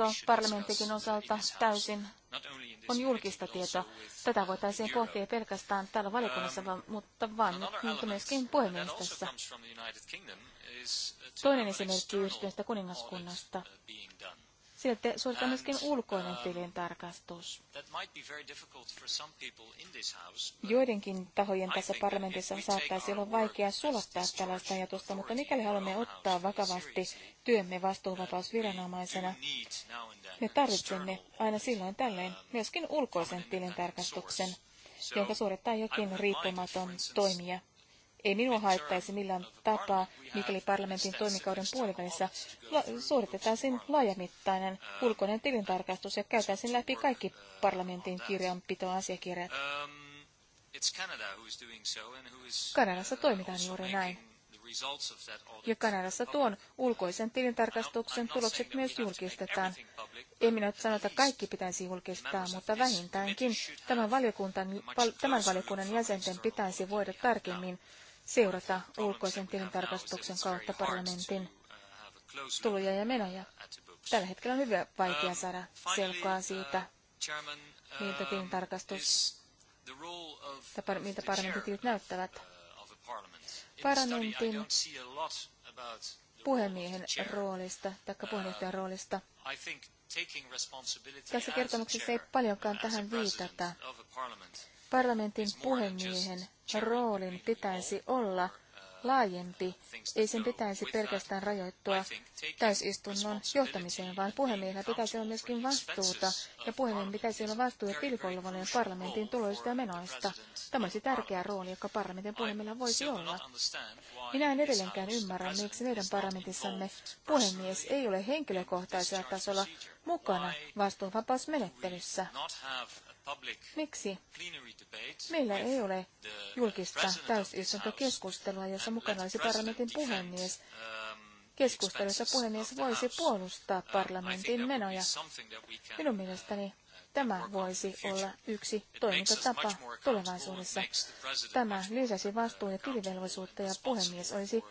on parlamenttikin osalta täysin on julkista tietoa. Tätä voitaisiin pohtia pelkästään täällä valiokunnassa, um, mutta vain, niin mutta myöskin puhemiehistössä. Toinen esimerkki yhdistyneestä kuningaskunnasta. Uh, Silti suoritetaan myöskin ulkoinen tilintarkastus. Uh, Joidenkin tahojen tässä parlamentissa saattaisi olla vaikea sulattaa tällaista ajatusta, mutta mikäli haluamme ottaa vakavasti työmme vastuuvapausviranomaisena, me tarvitsemme aina silloin tällöin um, myöskin ulkoisen tilintarkastuksen, jonka suorittaa jokin riippumaton toimija. Ei minua haittaisi millään tapaa, mikäli parlamentin toimikauden puolivälissä suoritetaan sen laajamittainen ulkoinen tilintarkastus ja käytäisiin läpi kaikki parlamentin kirjanpitoasiakirjat. Um, Kanadassa uh, toimitaan juuri näin. Ja Kanadassa tuon ulkoisen tilintarkastuksen tulokset myös julkistetaan. En minä sano, että kaikki pitäisi julkistaa, mutta vähintäänkin tämän, tämän valiokunnan jäsenten pitäisi voida tarkemmin seurata ulkoisen tilintarkastuksen kautta parlamentin tuloja ja menoja. Tällä hetkellä on hyvin vaikea saada selkoa siitä, miltä tilintarkastus miltä parlamentin tilit näyttävät. Parlamentin puhemiehen roolista tai puheenjohtajan roolista. Tässä kertomuksessa ei paljonkaan tähän viitata parlamentin puhemiehen roolin pitäisi olla laajempi. Ei sen pitäisi pelkästään rajoittua täysistunnon johtamiseen, vaan puhemiehellä pitäisi olla myöskin vastuuta, ja puhemiehen pitäisi olla vastuu pilkolluvalien parlamentin tuloista ja menoista. Tämä olisi tärkeä rooli, joka parlamentin puhemiehellä voisi olla. Minä en edelleenkään ymmärrä, miksi meidän parlamentissamme puhemies ei ole henkilökohtaisella tasolla mukana vastuunvapausmenettelyssä. Miksi? Meillä ei ole julkista täysistuntokeskustelua, jossa mukana olisi parlamentin puhemies. Keskustelussa puhemies voisi puolustaa parlamentin menoja. Minun mielestäni tämä voisi olla yksi toimintatapa tulevaisuudessa. Tämä lisäsi vastuun ja tilivelvollisuutta ja puhemies olisi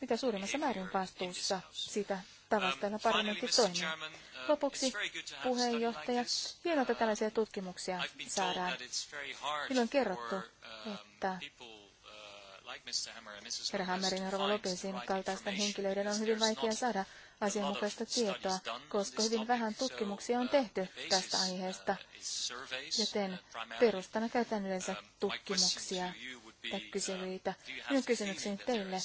mitä suurimmassa määrin vastuussa siitä tavasta, jolla parlamentti toimii. Lopuksi puheenjohtaja, hienoa, että um, tällaisia tutkimuksia saadaan. Minulle on kerrottu, um, että uh, Herra Hammerin ja Rova Lopesin kaltaisten henkilöiden on hyvin vaikea saada asianmukaista tietoa, koska hyvin vähän tutkimuksia on uh, tehty tästä aiheesta, uh, joten perustana käytän yleensä um, tutkimuksia tai kyselyitä. Minun kysymykseni teille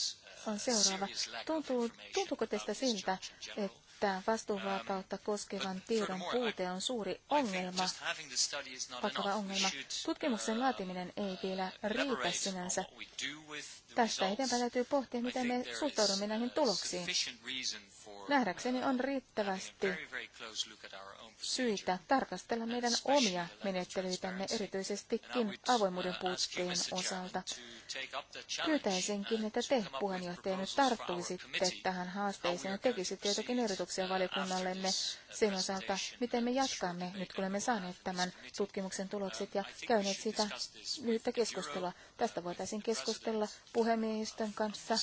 on seuraava. Tuntuu, tuntuuko teistä siltä, että että vastuuvapautta koskevan tiedon puute on suuri ongelma, vakava ongelma. Uh, Tutkimuksen laatiminen ei vielä riitä sinänsä. Tästä eteenpäin täytyy pohtia, miten me suhtaudumme näihin tuloksiin. Nähdäkseni on riittävästi syitä tarkastella meidän omia menettelyitämme erityisestikin avoimuuden puutteen osalta. Pyytäisinkin, että te puheenjohtaja nyt tarttuisitte tähän haasteeseen ja tekisitte jotakin ehdotuksia valiokunnallemme sen osalta, miten me jatkamme nyt, kun olemme saaneet tämän tutkimuksen tulokset ja käyneet sitä lyhyttä keskustelua. Tästä voitaisiin keskustella puhemiehistön kanssa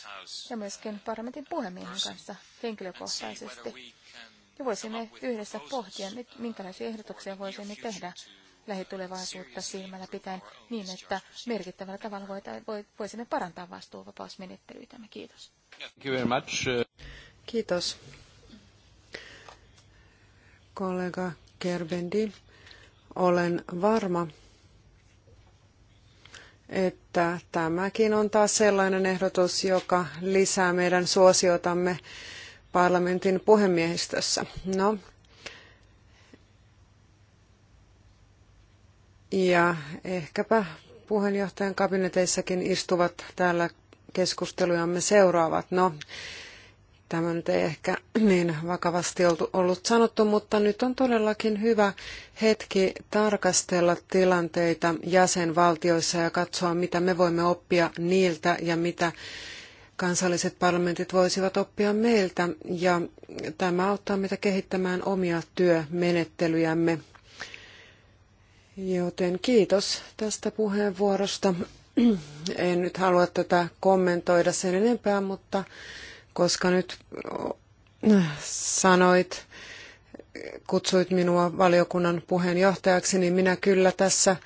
ja myöskin parlamentin puhemiehen kanssa henkilökohtaisesti ja voisimme yhdessä pohtia, minkälaisia ehdotuksia voisimme tehdä lähitulevaisuutta silmällä pitäen niin, että merkittävällä tavalla voisimme parantaa vastuuvapausmenettelyitämme. Kiitos. Kiitos. Kollega Kerbendi, olen varma, että tämäkin on taas sellainen ehdotus, joka lisää meidän suosiotamme parlamentin puhemiehistössä. No. Ja ehkäpä puheenjohtajan kabineteissakin istuvat täällä keskustelujamme seuraavat. No, tämä nyt ei ehkä niin vakavasti ollut sanottu, mutta nyt on todellakin hyvä hetki tarkastella tilanteita jäsenvaltioissa ja katsoa, mitä me voimme oppia niiltä ja mitä kansalliset parlamentit voisivat oppia meiltä ja tämä auttaa meitä kehittämään omia työmenettelyjämme. Joten kiitos tästä puheenvuorosta. En nyt halua tätä kommentoida sen enempää, mutta koska nyt sanoit, kutsuit minua valiokunnan puheenjohtajaksi, niin minä kyllä tässä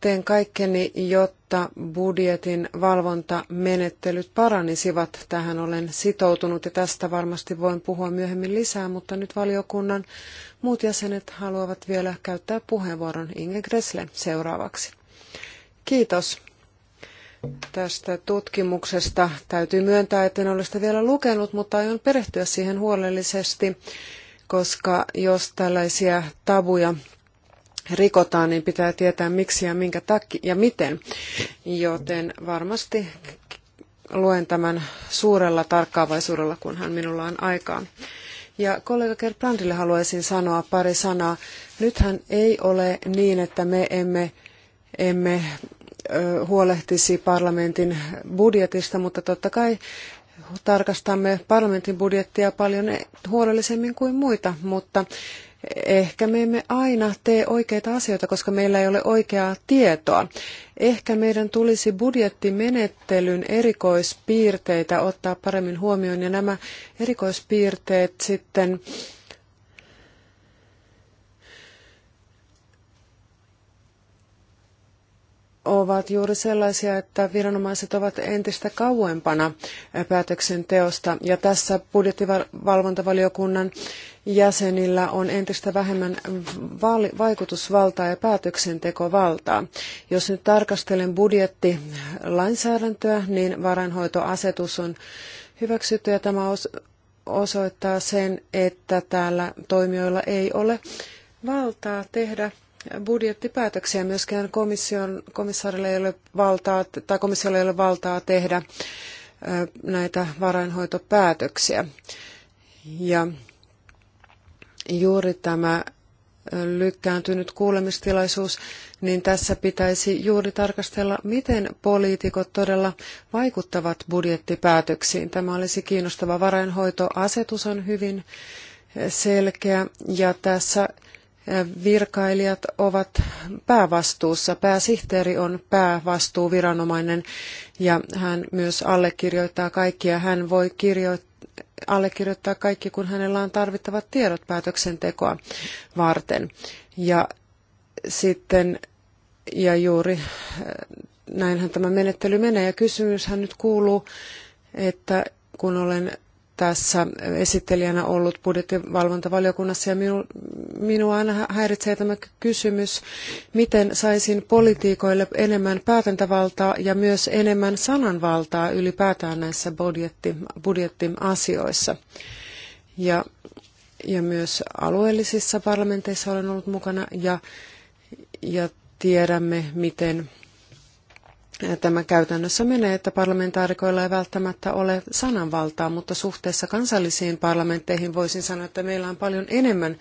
teen kaikkeni, jotta budjetin valvontamenettelyt paranisivat. Tähän olen sitoutunut ja tästä varmasti voin puhua myöhemmin lisää, mutta nyt valiokunnan muut jäsenet haluavat vielä käyttää puheenvuoron Inge Gressle seuraavaksi. Kiitos tästä tutkimuksesta. Täytyy myöntää, että en ole sitä vielä lukenut, mutta aion perehtyä siihen huolellisesti, koska jos tällaisia tabuja rikotaan, niin pitää tietää miksi ja minkä takia ja miten. Joten varmasti luen tämän suurella tarkkaavaisuudella, kunhan minulla on aikaa. Ja kollega Gerbrandille haluaisin sanoa pari sanaa. Nythän ei ole niin, että me emme, emme huolehtisi parlamentin budjetista, mutta totta kai tarkastamme parlamentin budjettia paljon huolellisemmin kuin muita, mutta Ehkä me emme aina tee oikeita asioita, koska meillä ei ole oikeaa tietoa. Ehkä meidän tulisi budjettimenettelyn erikoispiirteitä ottaa paremmin huomioon ja nämä erikoispiirteet sitten ovat juuri sellaisia, että viranomaiset ovat entistä kauempana päätöksenteosta. Ja tässä budjettivalvontavaliokunnan jäsenillä on entistä vähemmän vaikutusvaltaa ja päätöksentekovaltaa. Jos nyt tarkastelen budjettilainsäädäntöä, niin varainhoitoasetus on hyväksytty ja tämä osoittaa sen, että täällä toimijoilla ei ole valtaa tehdä budjettipäätöksiä. Myöskään komission, ei ole valtaa, tai komissiolla ei ole valtaa tehdä näitä varainhoitopäätöksiä. Ja juuri tämä lykkääntynyt kuulemistilaisuus, niin tässä pitäisi juuri tarkastella, miten poliitikot todella vaikuttavat budjettipäätöksiin. Tämä olisi kiinnostava Asetus on hyvin selkeä ja tässä virkailijat ovat päävastuussa. Pääsihteeri on päävastuuviranomainen ja hän myös allekirjoittaa kaikkia. Hän voi kirjoittaa allekirjoittaa kaikki, kun hänellä on tarvittavat tiedot päätöksentekoa varten. Ja sitten, ja juuri äh, näinhän tämä menettely menee, ja kysymyshän nyt kuuluu, että kun olen tässä esittelijänä ollut budjettivalvontavaliokunnassa ja minu, minua aina häiritsee tämä kysymys, miten saisin politiikoille enemmän päätäntävaltaa ja myös enemmän sananvaltaa ylipäätään näissä budjetti, budjettiasioissa. Ja, ja myös alueellisissa parlamenteissa olen ollut mukana ja, ja tiedämme, miten tämä käytännössä menee, että parlamentaarikoilla ei välttämättä ole sananvaltaa, mutta suhteessa kansallisiin parlamentteihin voisin sanoa, että meillä on paljon enemmän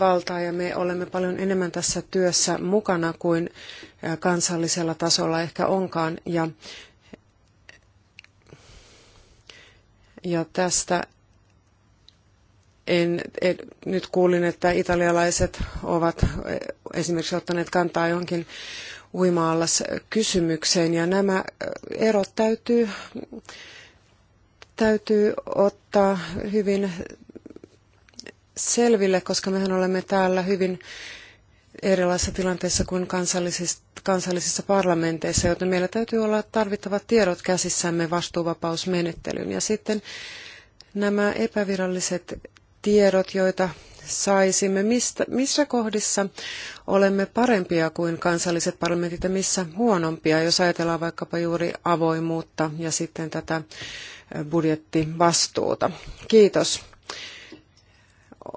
valtaa ja me olemme paljon enemmän tässä työssä mukana kuin kansallisella tasolla ehkä onkaan. Ja, ja tästä en, en, nyt kuulin, että italialaiset ovat eh, esimerkiksi ottaneet kantaa johonkin uimaallas kysymykseen ja nämä eh, erot täytyy, täytyy ottaa hyvin selville, koska mehän olemme täällä hyvin erilaisissa tilanteissa kuin kansallisissa, kansallisissa parlamenteissa, joten meillä täytyy olla tarvittavat tiedot käsissämme vastuuvapausmenettelyyn. Ja sitten nämä epäviralliset tiedot, joita saisimme, mistä, missä kohdissa olemme parempia kuin kansalliset parlamentit ja missä huonompia, jos ajatellaan vaikkapa juuri avoimuutta ja sitten tätä budjettivastuuta. Kiitos.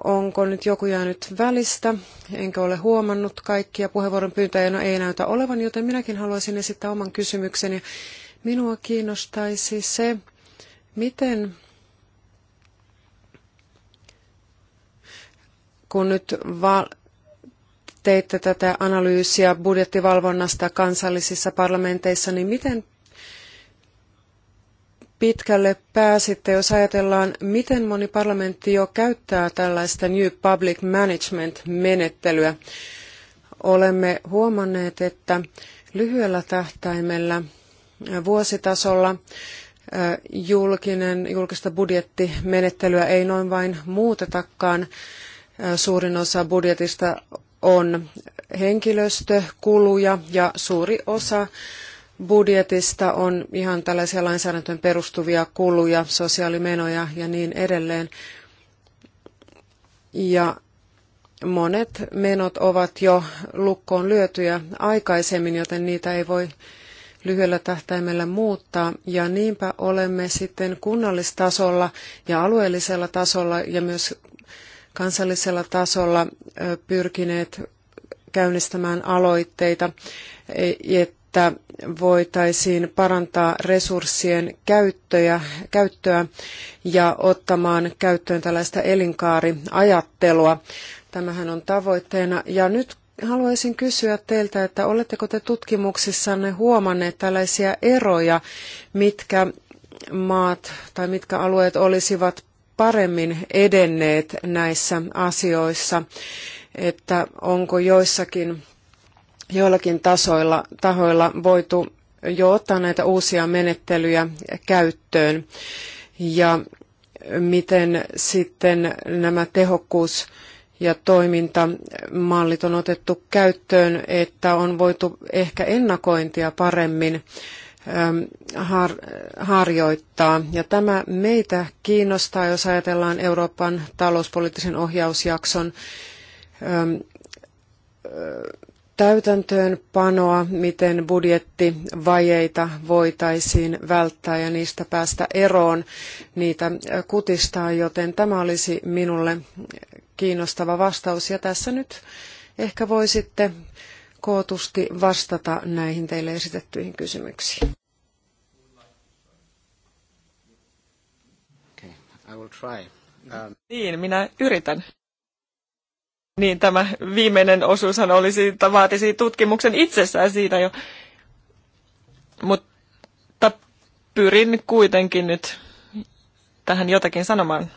Onko nyt joku jäänyt välistä? Enkä ole huomannut kaikkia. Puheenvuoron pyytäjä no ei näytä olevan, joten minäkin haluaisin esittää oman kysymykseni. Minua kiinnostaisi se, miten kun nyt teitte tätä analyysiä budjettivalvonnasta kansallisissa parlamenteissa, niin miten pitkälle pääsitte, jos ajatellaan, miten moni parlamentti jo käyttää tällaista New Public Management-menettelyä? Olemme huomanneet, että lyhyellä tähtäimellä vuositasolla julkinen, julkista budjettimenettelyä ei noin vain muutetakaan, Suurin osa budjetista on henkilöstökuluja ja suuri osa budjetista on ihan tällaisia lainsäädäntöön perustuvia kuluja, sosiaalimenoja ja niin edelleen. Ja monet menot ovat jo lukkoon lyötyjä aikaisemmin, joten niitä ei voi lyhyellä tähtäimellä muuttaa. Ja niinpä olemme sitten kunnallistasolla ja alueellisella tasolla ja myös kansallisella tasolla pyrkineet käynnistämään aloitteita, e, että voitaisiin parantaa resurssien käyttöä, käyttöä ja ottamaan käyttöön tällaista elinkaariajattelua. Tämähän on tavoitteena. Ja nyt haluaisin kysyä teiltä, että oletteko te tutkimuksissanne huomanneet tällaisia eroja, mitkä maat tai mitkä alueet olisivat paremmin edenneet näissä asioissa, että onko joissakin joillakin tasoilla, tahoilla voitu jo ottaa näitä uusia menettelyjä käyttöön ja miten sitten nämä tehokkuus ja toimintamallit on otettu käyttöön, että on voitu ehkä ennakointia paremmin Ähm, har, harjoittaa. Ja tämä meitä kiinnostaa, jos ajatellaan Euroopan talouspoliittisen ohjausjakson ähm, täytäntöönpanoa, miten budjettivajeita voitaisiin välttää ja niistä päästä eroon, niitä äh, kutistaa, joten tämä olisi minulle kiinnostava vastaus. Ja tässä nyt ehkä voisitte kootusti vastata näihin teille esitettyihin kysymyksiin. Okay, I will try. Um... Niin, minä yritän. Niin, tämä viimeinen osuushan olisi, vaatisi tutkimuksen itsessään siitä jo. Mutta pyrin kuitenkin nyt tähän jotakin sanomaan.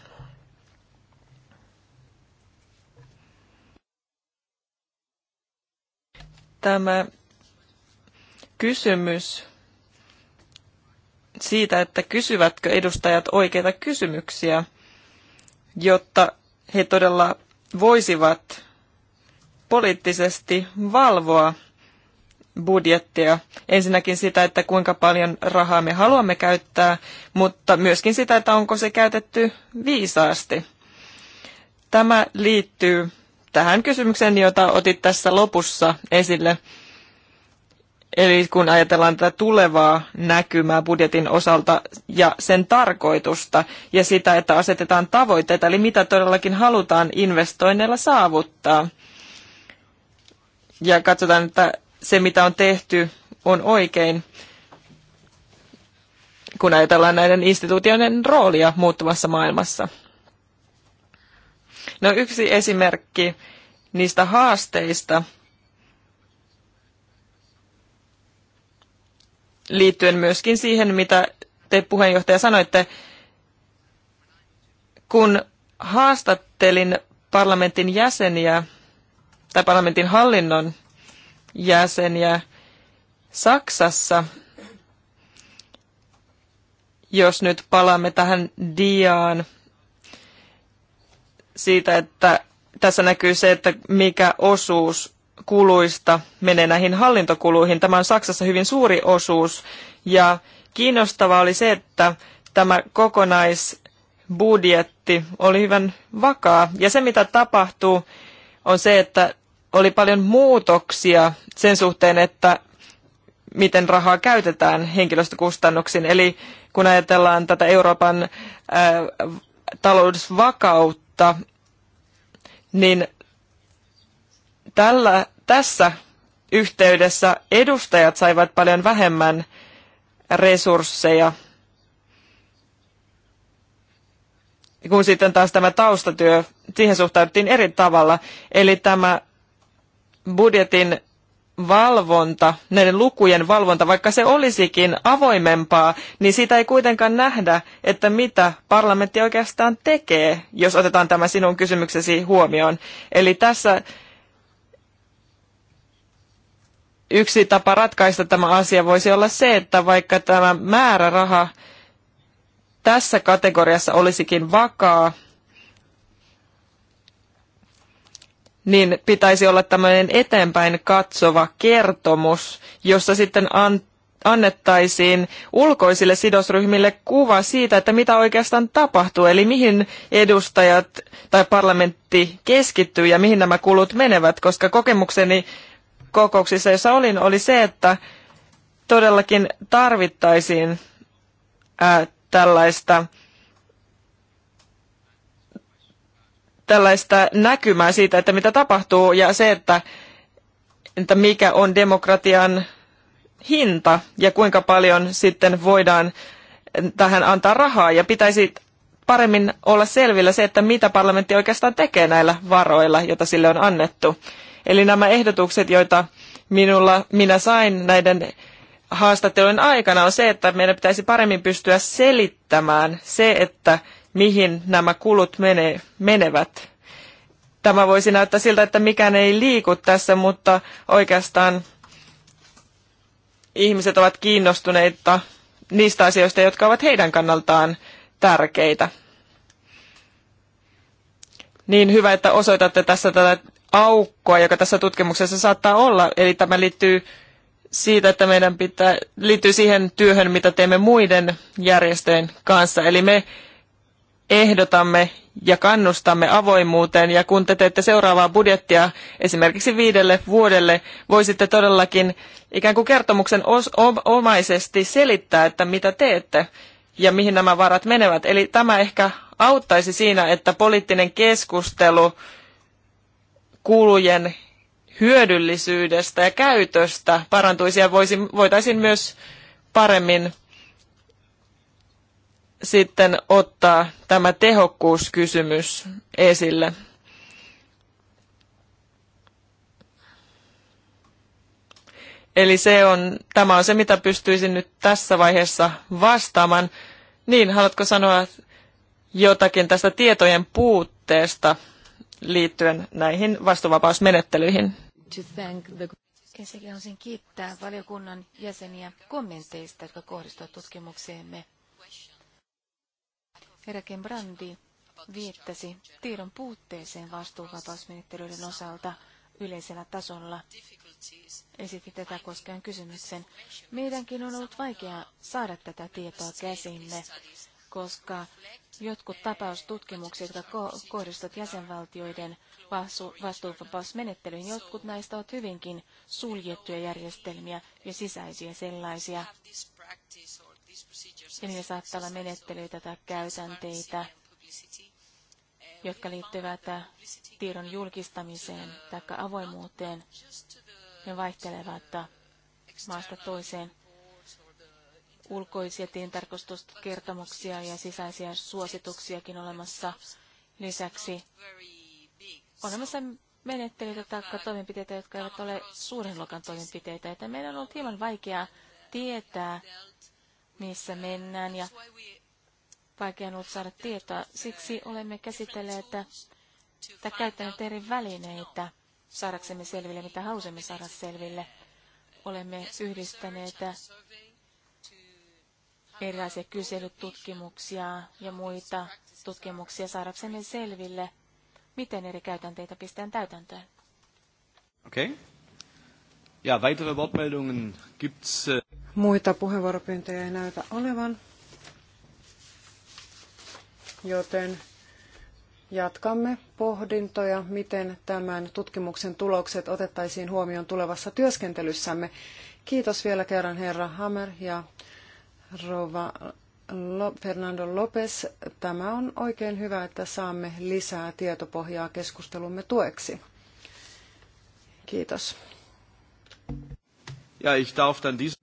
tämä kysymys siitä, että kysyvätkö edustajat oikeita kysymyksiä, jotta he todella voisivat poliittisesti valvoa budjettia. Ensinnäkin sitä, että kuinka paljon rahaa me haluamme käyttää, mutta myöskin sitä, että onko se käytetty viisaasti. Tämä liittyy tähän kysymykseen, jota otit tässä lopussa esille. Eli kun ajatellaan tätä tulevaa näkymää budjetin osalta ja sen tarkoitusta ja sitä, että asetetaan tavoitteita, eli mitä todellakin halutaan investoinneilla saavuttaa. Ja katsotaan, että se mitä on tehty on oikein, kun ajatellaan näiden instituutioiden roolia muuttuvassa maailmassa. No yksi esimerkki niistä haasteista liittyen myöskin siihen, mitä te puheenjohtaja sanoitte, kun haastattelin parlamentin jäseniä tai parlamentin hallinnon jäseniä Saksassa, jos nyt palaamme tähän diaan, siitä, että tässä näkyy se, että mikä osuus kuluista menee näihin hallintokuluihin. Tämä on Saksassa hyvin suuri osuus ja kiinnostavaa oli se, että tämä kokonaisbudjetti oli hyvän vakaa. Ja se, mitä tapahtuu, on se, että oli paljon muutoksia sen suhteen, että miten rahaa käytetään henkilöstökustannuksiin. Eli kun ajatellaan tätä Euroopan ää, talousvakautta, niin tällä, tässä yhteydessä edustajat saivat paljon vähemmän resursseja kun sitten taas tämä taustatyö, siihen suhtauduttiin eri tavalla. Eli tämä budjetin valvonta, näiden lukujen valvonta, vaikka se olisikin avoimempaa, niin siitä ei kuitenkaan nähdä, että mitä parlamentti oikeastaan tekee, jos otetaan tämä sinun kysymyksesi huomioon. Eli tässä yksi tapa ratkaista tämä asia voisi olla se, että vaikka tämä määräraha tässä kategoriassa olisikin vakaa, niin pitäisi olla tämmöinen eteenpäin katsova kertomus, jossa sitten an, annettaisiin ulkoisille sidosryhmille kuva siitä, että mitä oikeastaan tapahtuu, eli mihin edustajat tai parlamentti keskittyy ja mihin nämä kulut menevät, koska kokemukseni kokouksissa, jossa olin, oli se, että todellakin tarvittaisiin ää, tällaista tällaista näkymää siitä, että mitä tapahtuu ja se, että, että mikä on demokratian hinta ja kuinka paljon sitten voidaan tähän antaa rahaa ja pitäisi paremmin olla selvillä se, että mitä parlamentti oikeastaan tekee näillä varoilla, joita sille on annettu. Eli nämä ehdotukset, joita minulla, minä sain näiden haastattelujen aikana, on se, että meidän pitäisi paremmin pystyä selittämään se, että mihin nämä kulut mene, menevät. Tämä voisi näyttää siltä, että mikään ei liiku tässä, mutta oikeastaan ihmiset ovat kiinnostuneita niistä asioista, jotka ovat heidän kannaltaan tärkeitä. Niin hyvä, että osoitatte tässä tätä aukkoa, joka tässä tutkimuksessa saattaa olla. Eli tämä liittyy siitä, että meidän pitää, liittyy siihen työhön, mitä teemme muiden järjestöjen kanssa. Eli me ehdotamme ja kannustamme avoimuuteen. Ja kun te teette seuraavaa budjettia esimerkiksi viidelle vuodelle, voisitte todellakin ikään kuin kertomuksen omaisesti selittää, että mitä teette ja mihin nämä varat menevät. Eli tämä ehkä auttaisi siinä, että poliittinen keskustelu kulujen hyödyllisyydestä ja käytöstä parantuisi ja voisi, voitaisiin myös paremmin sitten ottaa tämä tehokkuuskysymys esille. Eli se on, tämä on se, mitä pystyisin nyt tässä vaiheessa vastaamaan. Niin, haluatko sanoa jotakin tästä tietojen puutteesta liittyen näihin vastuvapausmenettelyihin? Ensinnäkin haluaisin kiittää valiokunnan jäseniä kommenteista, jotka kohdistuvat tutkimukseemme. Herrakin Brandi viittasi tiedon puutteeseen vastuuvapausmenettelyiden osalta yleisellä tasolla. Esitti tätä koskevan kysymyksen. Meidänkin on ollut vaikea saada tätä tietoa käsimme, koska jotkut tapaustutkimukset, jotka kohdistuvat jäsenvaltioiden vastuuvapausmenettelyyn, jotkut näistä ovat hyvinkin suljettuja järjestelmiä ja sisäisiä sellaisia ja niillä saattaa olla menettelyitä tai käytänteitä, jotka liittyvät tiedon julkistamiseen tai avoimuuteen. Ne vaihtelevat maasta toiseen ulkoisia tilintarkastuskertomuksia ja sisäisiä suosituksiakin olemassa. Lisäksi olemassa menettelyitä tai toimenpiteitä, jotka eivät ole suuren luokan toimenpiteitä, että meidän on ollut hieman vaikeaa tietää, missä mennään ja vaikea on ollut saada tietoa. Siksi olemme käsitelleet tai käyttäneet eri välineitä saadaksemme selville, mitä halusimme saada selville. Olemme yhdistäneet erilaisia kyselytutkimuksia ja muita tutkimuksia saadaksemme selville, miten eri käytänteitä pistetään täytäntöön. Okei. Okay. Ja, weitere Wortmeldungen gibt's. Äh, Muita puheenvuoropyyntöjä ei näytä olevan, joten jatkamme pohdintoja, miten tämän tutkimuksen tulokset otettaisiin huomioon tulevassa työskentelyssämme. Kiitos vielä kerran herra Hammer ja rouva Fernando Lopez. Tämä on oikein hyvä, että saamme lisää tietopohjaa keskustelumme tueksi. Kiitos. Ja, ich darf dann dies...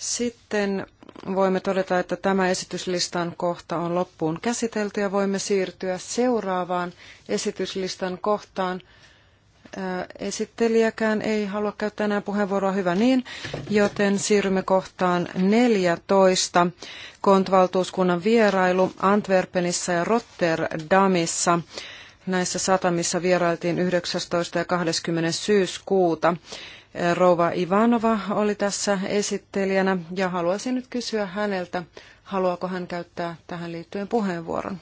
Sitten voimme todeta, että tämä esityslistan kohta on loppuun käsitelty ja voimme siirtyä seuraavaan esityslistan kohtaan. Äh, esittelijäkään ei halua käyttää enää puheenvuoroa, hyvä niin, joten siirrymme kohtaan 14. Kontvaltuuskunnan vierailu Antwerpenissa ja Rotterdamissa. Näissä satamissa vierailtiin 19. ja 20. syyskuuta. Rouva Ivanova oli tässä esittelijänä ja haluaisin nyt kysyä häneltä, haluaako hän käyttää tähän liittyen puheenvuoron.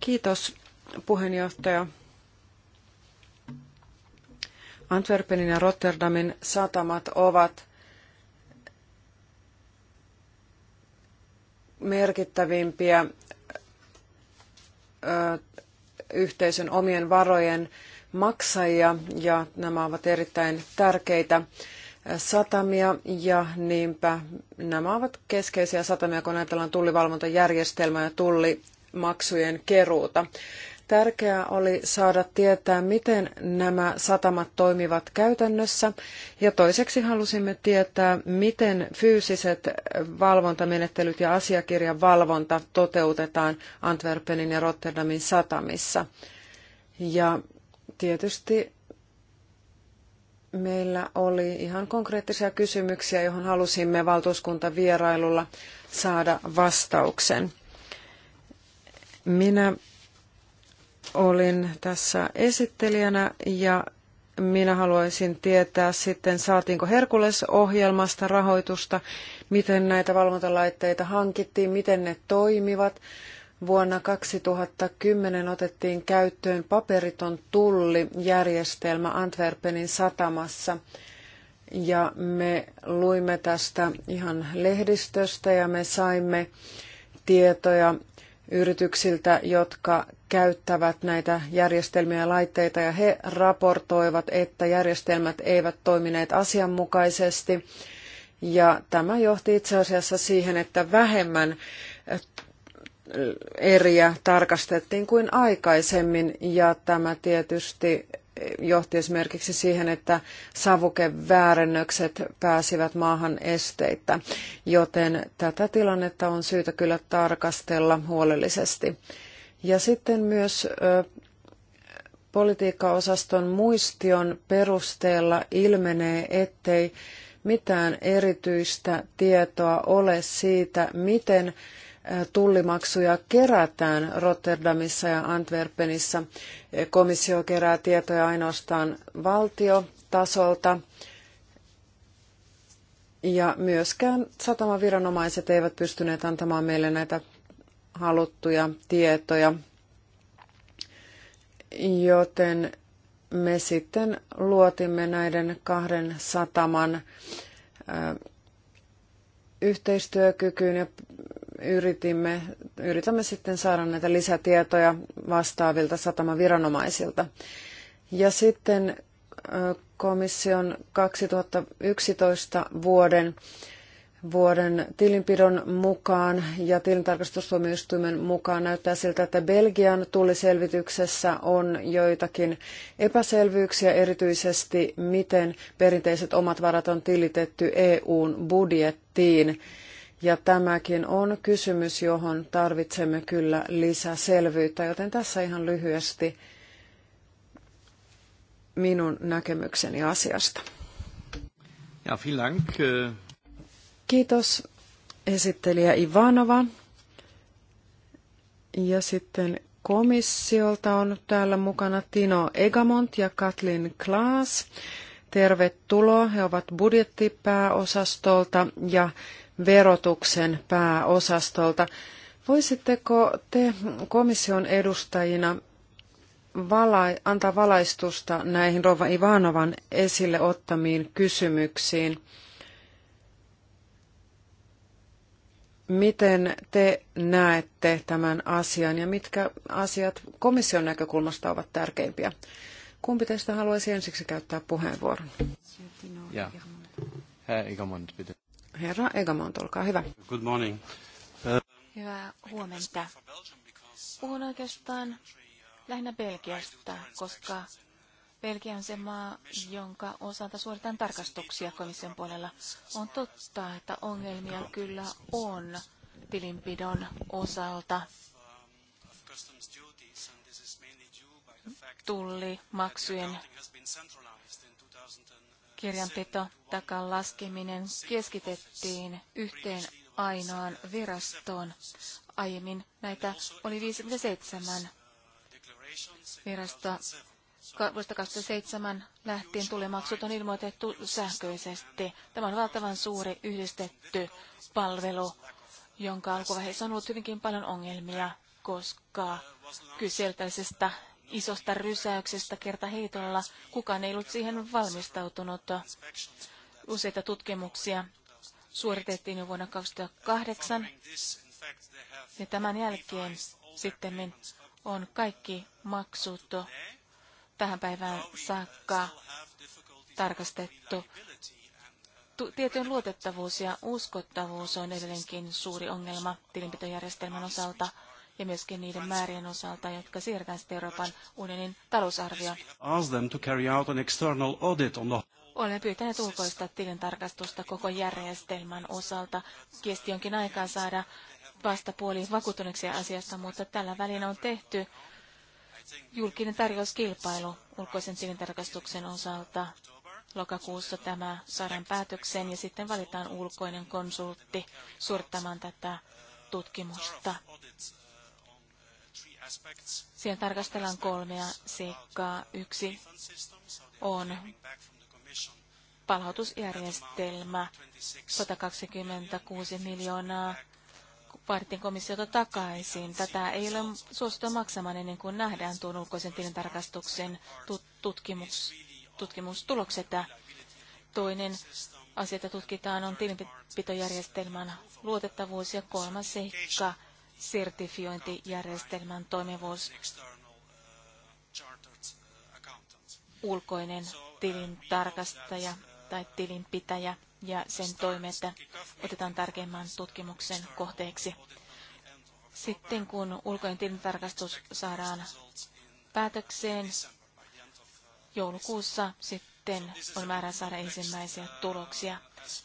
Kiitos puheenjohtaja. Antwerpenin ja Rotterdamin satamat ovat merkittävimpiä yhteisön omien varojen maksajia ja nämä ovat erittäin tärkeitä satamia ja niinpä nämä ovat keskeisiä satamia, kun ajatellaan tullivalvontajärjestelmää ja tullimaksujen keruuta. Tärkeää oli saada tietää, miten nämä satamat toimivat käytännössä ja toiseksi halusimme tietää, miten fyysiset valvontamenettelyt ja asiakirjan valvonta toteutetaan Antwerpenin ja Rotterdamin satamissa. Ja Tietysti meillä oli ihan konkreettisia kysymyksiä, johon halusimme valtuuskuntavierailulla saada vastauksen. Minä olin tässä esittelijänä ja minä haluaisin tietää sitten, saatiinko Herkules-ohjelmasta rahoitusta, miten näitä valvontalaitteita hankittiin, miten ne toimivat, Vuonna 2010 otettiin käyttöön paperiton tullijärjestelmä Antwerpenin satamassa. Ja me luimme tästä ihan lehdistöstä ja me saimme tietoja yrityksiltä, jotka käyttävät näitä järjestelmiä ja laitteita ja he raportoivat, että järjestelmät eivät toimineet asianmukaisesti. Ja tämä johti itse asiassa siihen, että vähemmän eriä tarkastettiin kuin aikaisemmin ja tämä tietysti johti esimerkiksi siihen, että savukeväärennökset pääsivät maahan esteittä, joten tätä tilannetta on syytä kyllä tarkastella huolellisesti. Ja sitten myös ö, politiikkaosaston muistion perusteella ilmenee, ettei mitään erityistä tietoa ole siitä, miten tullimaksuja kerätään Rotterdamissa ja Antwerpenissa. Komissio kerää tietoja ainoastaan valtiotasolta. Ja myöskään satamaviranomaiset eivät pystyneet antamaan meille näitä haluttuja tietoja, joten me sitten luotimme näiden kahden sataman yhteistyökykyyn ja yritimme, yritämme sitten saada näitä lisätietoja vastaavilta satamaviranomaisilta. Ja sitten komission 2011 vuoden vuoden tilinpidon mukaan ja tilintarkastustuomioistuimen mukaan näyttää siltä, että Belgian tulliselvityksessä on joitakin epäselvyyksiä, erityisesti miten perinteiset omat varat on tilitetty EUn budjettiin. Ja tämäkin on kysymys, johon tarvitsemme kyllä lisää selvyyttä, joten tässä ihan lyhyesti minun näkemykseni asiasta. Ja, Dank. Äh. Kiitos esittelijä Ivanova. Ja sitten komissiolta on täällä mukana Tino Egamont ja Katlin Klaas. Tervetuloa. He ovat budjettipääosastolta ja verotuksen pääosastolta. Voisitteko te komission edustajina vala, antaa valaistusta näihin Rova Ivanovan esille ottamiin kysymyksiin? Miten te näette tämän asian ja mitkä asiat komission näkökulmasta ovat tärkeimpiä? Kumpi teistä haluaisi ensiksi käyttää puheenvuoron? Ja. Herr Herra Egamont, olkaa hyvä. Good morning. Hyvää huomenta. Puhun oikeastaan lähinnä Belgiasta, koska Belgia on se maa, jonka osalta suoritetaan tarkastuksia komission puolella. On totta, että ongelmia kyllä on tilinpidon osalta. Tulli maksujen kirjanpito takan laskeminen keskitettiin yhteen ainoaan virastoon. Aiemmin näitä oli 57 virastoa. Vuodesta 2007 lähtien tulemaksut on ilmoitettu sähköisesti. Tämä on valtavan suuri yhdistetty palvelu, jonka alkuvaiheessa on ollut hyvinkin paljon ongelmia, koska kyseltäisestä isosta rysäyksestä kerta heitolla. Kukaan ei ollut siihen valmistautunut. Useita tutkimuksia suoritettiin jo vuonna 2008. Ja tämän jälkeen sitten on kaikki maksut tähän päivään saakka tarkastettu. Tietojen luotettavuus ja uskottavuus on edelleenkin suuri ongelma tilinpitojärjestelmän osalta ja myöskin niiden määrien osalta, jotka siirretään sitten Euroopan unionin talousarvioon. Olemme pyytäneet ulkoista tilintarkastusta koko järjestelmän osalta. Kesti jonkin aikaa saada vastapuoli vakuuttuneeksi asiasta, mutta tällä välin on tehty julkinen tarjouskilpailu ulkoisen tilintarkastuksen osalta. Lokakuussa tämä saadaan päätökseen ja sitten valitaan ulkoinen konsultti suorittamaan tätä tutkimusta. Siellä tarkastellaan kolmea seikkaa. Yksi on palautusjärjestelmä, 126 miljoonaa vaadittiin komissiota takaisin. Tätä ei ole suosittu maksamaan ennen kuin nähdään tuon ulkoisen tilintarkastuksen tutkimus, tutkimustulokset. Toinen asia, jota tutkitaan, on tilinpitojärjestelmän luotettavuus ja kolmas seikka sertifiointijärjestelmän toimivuus, ulkoinen tilintarkastaja tai tilinpitäjä ja sen toimet otetaan tarkemman tutkimuksen kohteeksi. Sitten kun ulkoinen tilintarkastus saadaan päätökseen joulukuussa, sitten on määrä saada ensimmäisiä tuloksia.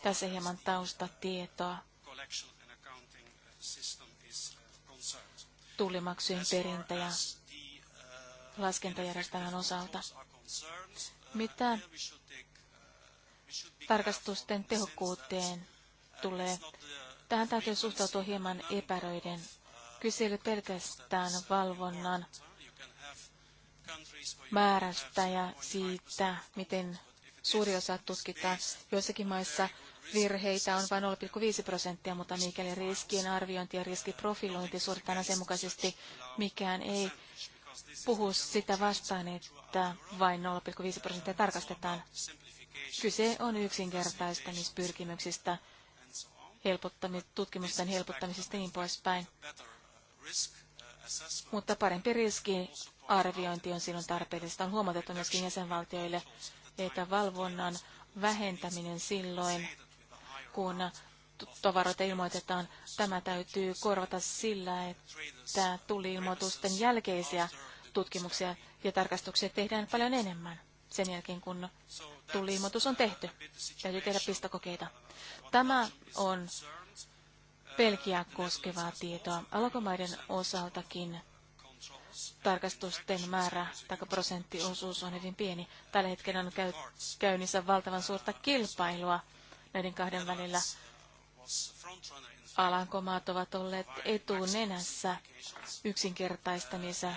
Tässä hieman taustatietoa tullimaksujen perintä ja laskentajärjestelmän osalta. Mitä tarkastusten tehokkuuteen tulee? Tähän täytyy suhtautua hieman epäröiden. Kyse ei pelkästään valvonnan määrästä ja siitä, miten suuri osa tutkitaan. Joissakin maissa virheitä on vain 0,5 prosenttia, mutta mikäli riskien arviointi ja riskiprofilointi suoritetaan asianmukaisesti, mikään ei puhu sitä vastaan, että vain 0,5 prosenttia tarkastetaan. Kyse on yksinkertaistamispyrkimyksistä, helpottamis, tutkimusten helpottamisesta ja niin poispäin. Mutta parempi riskiarviointi on silloin tarpeellista. On huomautettu myöskin jäsenvaltioille, että valvonnan vähentäminen silloin, kun tavaroita ilmoitetaan. Tämä täytyy korvata sillä, että tuli-ilmoitusten jälkeisiä tutkimuksia ja tarkastuksia tehdään paljon enemmän sen jälkeen, kun tuli-ilmoitus on tehty. Täytyy tehdä pistokokeita. Tämä on pelkiä koskevaa tietoa. Alkomaiden osaltakin tarkastusten määrä tai prosenttiosuus on hyvin pieni. Tällä hetkellä on käy, käynnissä valtavan suurta kilpailua näiden kahden välillä. Alankomaat ovat olleet etunenässä yksinkertaistamisessa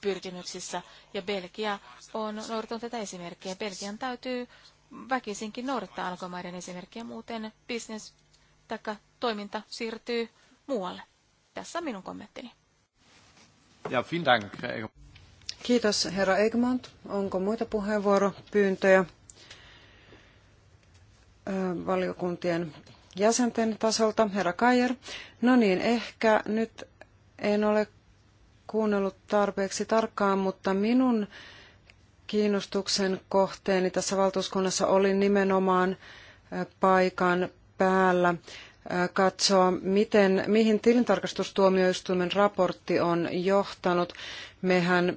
pyrkimyksissä, ja Belgia on noudattanut tätä esimerkkiä. Belgian täytyy väkisinkin noudattaa alankomaiden esimerkkiä, muuten business tai toiminta siirtyy muualle. Tässä on minun kommenttini. Ja, Kiitos herra Egmont. Onko muita puheenvuoropyyntöjä? valiokuntien jäsenten tasolta. Herra Kajer, no niin, ehkä nyt en ole kuunnellut tarpeeksi tarkkaan, mutta minun kiinnostuksen kohteeni tässä valtuuskunnassa oli nimenomaan paikan päällä katsoa, miten, mihin tilintarkastustuomioistuimen raportti on johtanut. Mehän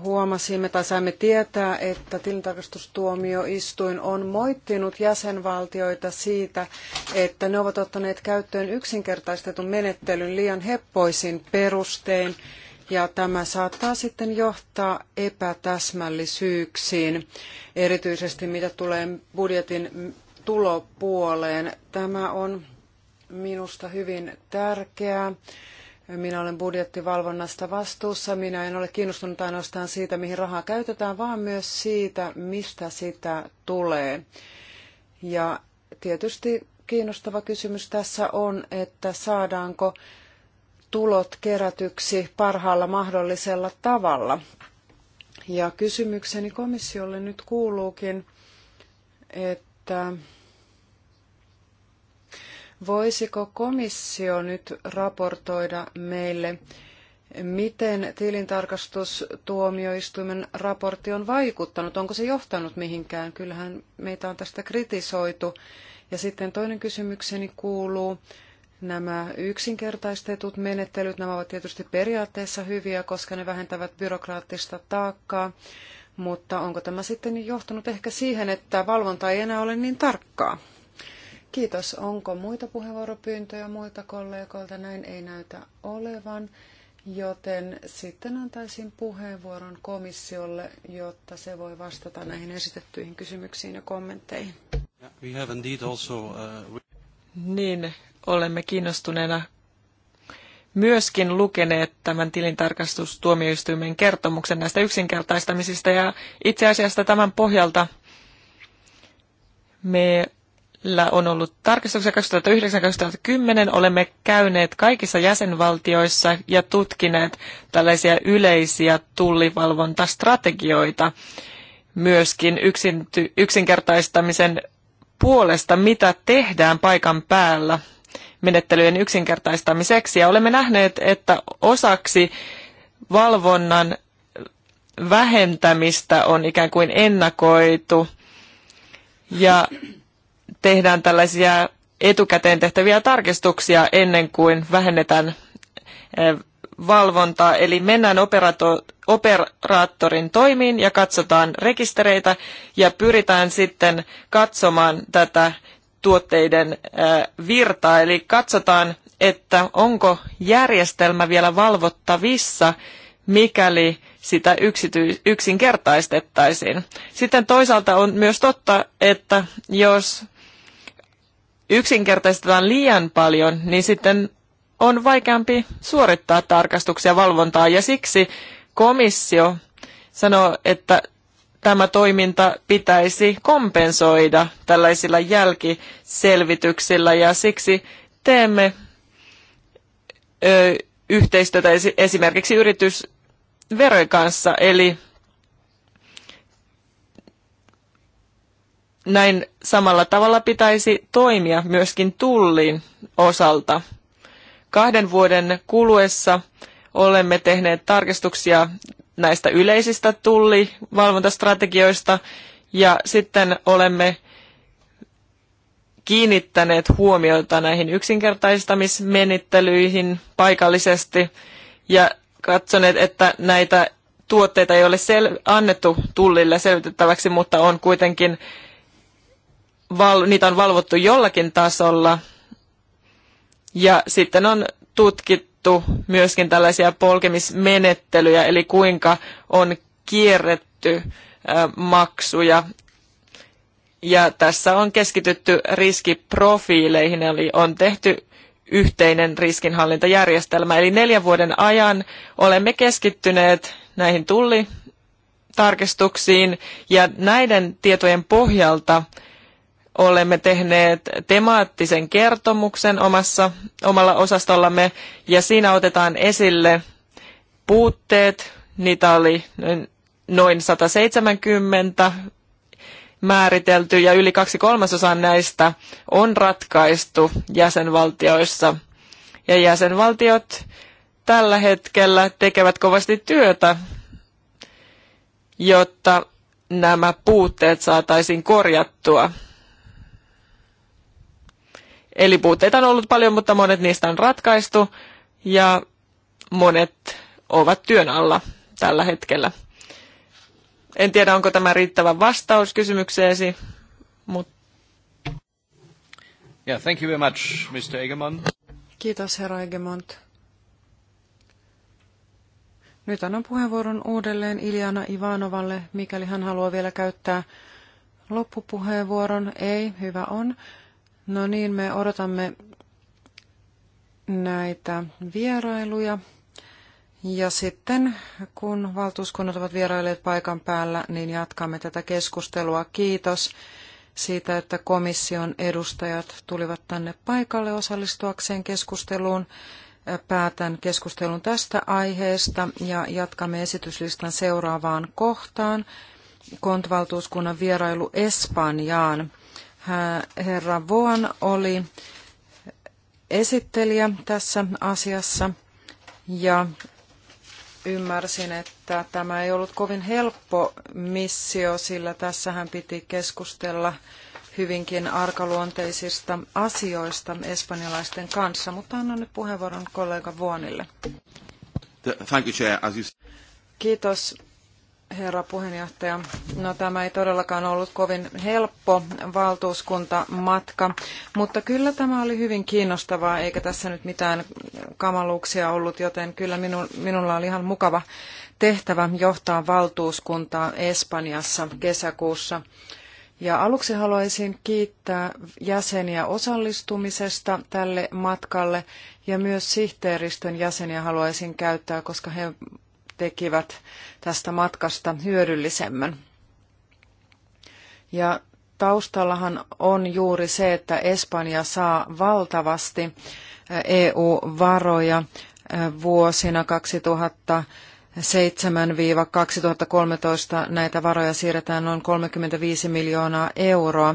huomasimme tai saimme tietää, että tilintarkastustuomioistuin on moittinut jäsenvaltioita siitä, että ne ovat ottaneet käyttöön yksinkertaistetun menettelyn liian heppoisin perustein ja tämä saattaa sitten johtaa epätäsmällisyyksiin, erityisesti mitä tulee budjetin tulopuoleen. Tämä on minusta hyvin tärkeää. Minä olen budjettivalvonnasta vastuussa. Minä en ole kiinnostunut ainoastaan siitä, mihin rahaa käytetään, vaan myös siitä, mistä sitä tulee. Ja tietysti kiinnostava kysymys tässä on, että saadaanko tulot kerätyksi parhaalla mahdollisella tavalla. Ja kysymykseni komissiolle nyt kuuluukin, että että voisiko komissio nyt raportoida meille, miten tilintarkastustuomioistuimen raportti on vaikuttanut? Onko se johtanut mihinkään? Kyllähän meitä on tästä kritisoitu. Ja sitten toinen kysymykseni kuuluu, Nämä yksinkertaistetut menettelyt, nämä ovat tietysti periaatteessa hyviä, koska ne vähentävät byrokraattista taakkaa, mutta onko tämä sitten johtanut ehkä siihen, että valvonta ei enää ole niin tarkkaa? Kiitos. Onko muita puheenvuoropyyntöjä muilta kollegoilta? Näin ei näytä olevan. Joten sitten antaisin puheenvuoron komissiolle, jotta se voi vastata näihin esitettyihin kysymyksiin ja kommentteihin. Yeah, we have also, uh... Niin, olemme kiinnostuneena myöskin lukeneet tämän tilintarkastustuomioistuimen kertomuksen näistä yksinkertaistamisista ja itse asiassa tämän pohjalta meillä on ollut tarkistuksia 2009-2010. Olemme käyneet kaikissa jäsenvaltioissa ja tutkineet tällaisia yleisiä tullivalvontastrategioita myöskin yksinkertaistamisen puolesta, mitä tehdään paikan päällä menettelyjen yksinkertaistamiseksi. Ja olemme nähneet, että osaksi valvonnan vähentämistä on ikään kuin ennakoitu ja tehdään tällaisia etukäteen tehtäviä tarkistuksia ennen kuin vähennetään eh, valvontaa, eli mennään operato- operaattorin toimiin ja katsotaan rekistereitä ja pyritään sitten katsomaan tätä tuotteiden virtaa. Eli katsotaan, että onko järjestelmä vielä valvottavissa, mikäli sitä yksity- yksinkertaistettaisiin. Sitten toisaalta on myös totta, että jos yksinkertaistetaan liian paljon, niin sitten on vaikeampi suorittaa tarkastuksia valvontaa ja siksi komissio sanoo, että tämä toiminta pitäisi kompensoida tällaisilla jälkiselvityksillä ja siksi teemme ö, yhteistyötä esimerkiksi yritysverojen kanssa, eli näin samalla tavalla pitäisi toimia myöskin tullin osalta. Kahden vuoden kuluessa olemme tehneet tarkistuksia näistä yleisistä tullivalvontastrategioista ja sitten olemme kiinnittäneet huomiota näihin yksinkertaistamismenettelyihin paikallisesti ja katsoneet, että näitä tuotteita ei ole sel- annettu tullille selvitettäväksi, mutta on kuitenkin val- niitä on valvottu jollakin tasolla. Ja sitten on tutkittu tutkittu myöskin tällaisia polkemismenettelyjä, eli kuinka on kierretty maksuja. Ja tässä on keskitytty riskiprofiileihin, eli on tehty yhteinen riskinhallintajärjestelmä. Eli neljän vuoden ajan olemme keskittyneet näihin tullitarkistuksiin ja näiden tietojen pohjalta – olemme tehneet temaattisen kertomuksen omassa, omalla osastollamme ja siinä otetaan esille puutteet. Niitä oli noin 170 määritelty ja yli kaksi kolmasosaa näistä on ratkaistu jäsenvaltioissa. Ja jäsenvaltiot tällä hetkellä tekevät kovasti työtä, jotta nämä puutteet saataisiin korjattua. Eli puutteita on ollut paljon, mutta monet niistä on ratkaistu ja monet ovat työn alla tällä hetkellä. En tiedä, onko tämä riittävä vastaus kysymykseesi, mutta... Yeah, thank you very much, Mr. Egemont. Kiitos, herra Egemont. Nyt annan puheenvuoron uudelleen Iljana Ivanovalle, mikäli hän haluaa vielä käyttää loppupuheenvuoron. Ei, hyvä on. No niin, me odotamme näitä vierailuja. Ja sitten kun valtuuskunnat ovat vierailleet paikan päällä, niin jatkamme tätä keskustelua. Kiitos siitä, että komission edustajat tulivat tänne paikalle osallistuakseen keskusteluun. Päätän keskustelun tästä aiheesta ja jatkamme esityslistan seuraavaan kohtaan. Kontvaltuuskunnan vierailu Espanjaan. Äh, herra Vuon oli esittelijä tässä asiassa ja ymmärsin, että tämä ei ollut kovin helppo missio, sillä tässä hän piti keskustella hyvinkin arkaluonteisista asioista espanjalaisten kanssa, mutta annan nyt puheenvuoron kollega Vuonille. Kiitos herra puheenjohtaja. No tämä ei todellakaan ollut kovin helppo valtuuskuntamatka, mutta kyllä tämä oli hyvin kiinnostavaa, eikä tässä nyt mitään kamaluuksia ollut, joten kyllä minu, minulla oli ihan mukava tehtävä johtaa valtuuskuntaa Espanjassa kesäkuussa. Ja aluksi haluaisin kiittää jäseniä osallistumisesta tälle matkalle ja myös sihteeristön jäseniä haluaisin käyttää, koska he tekivät tästä matkasta hyödyllisemmän. Ja taustallahan on juuri se, että Espanja saa valtavasti eh, EU-varoja eh, vuosina 2000 2007-2013 näitä varoja siirretään noin 35 miljoonaa euroa,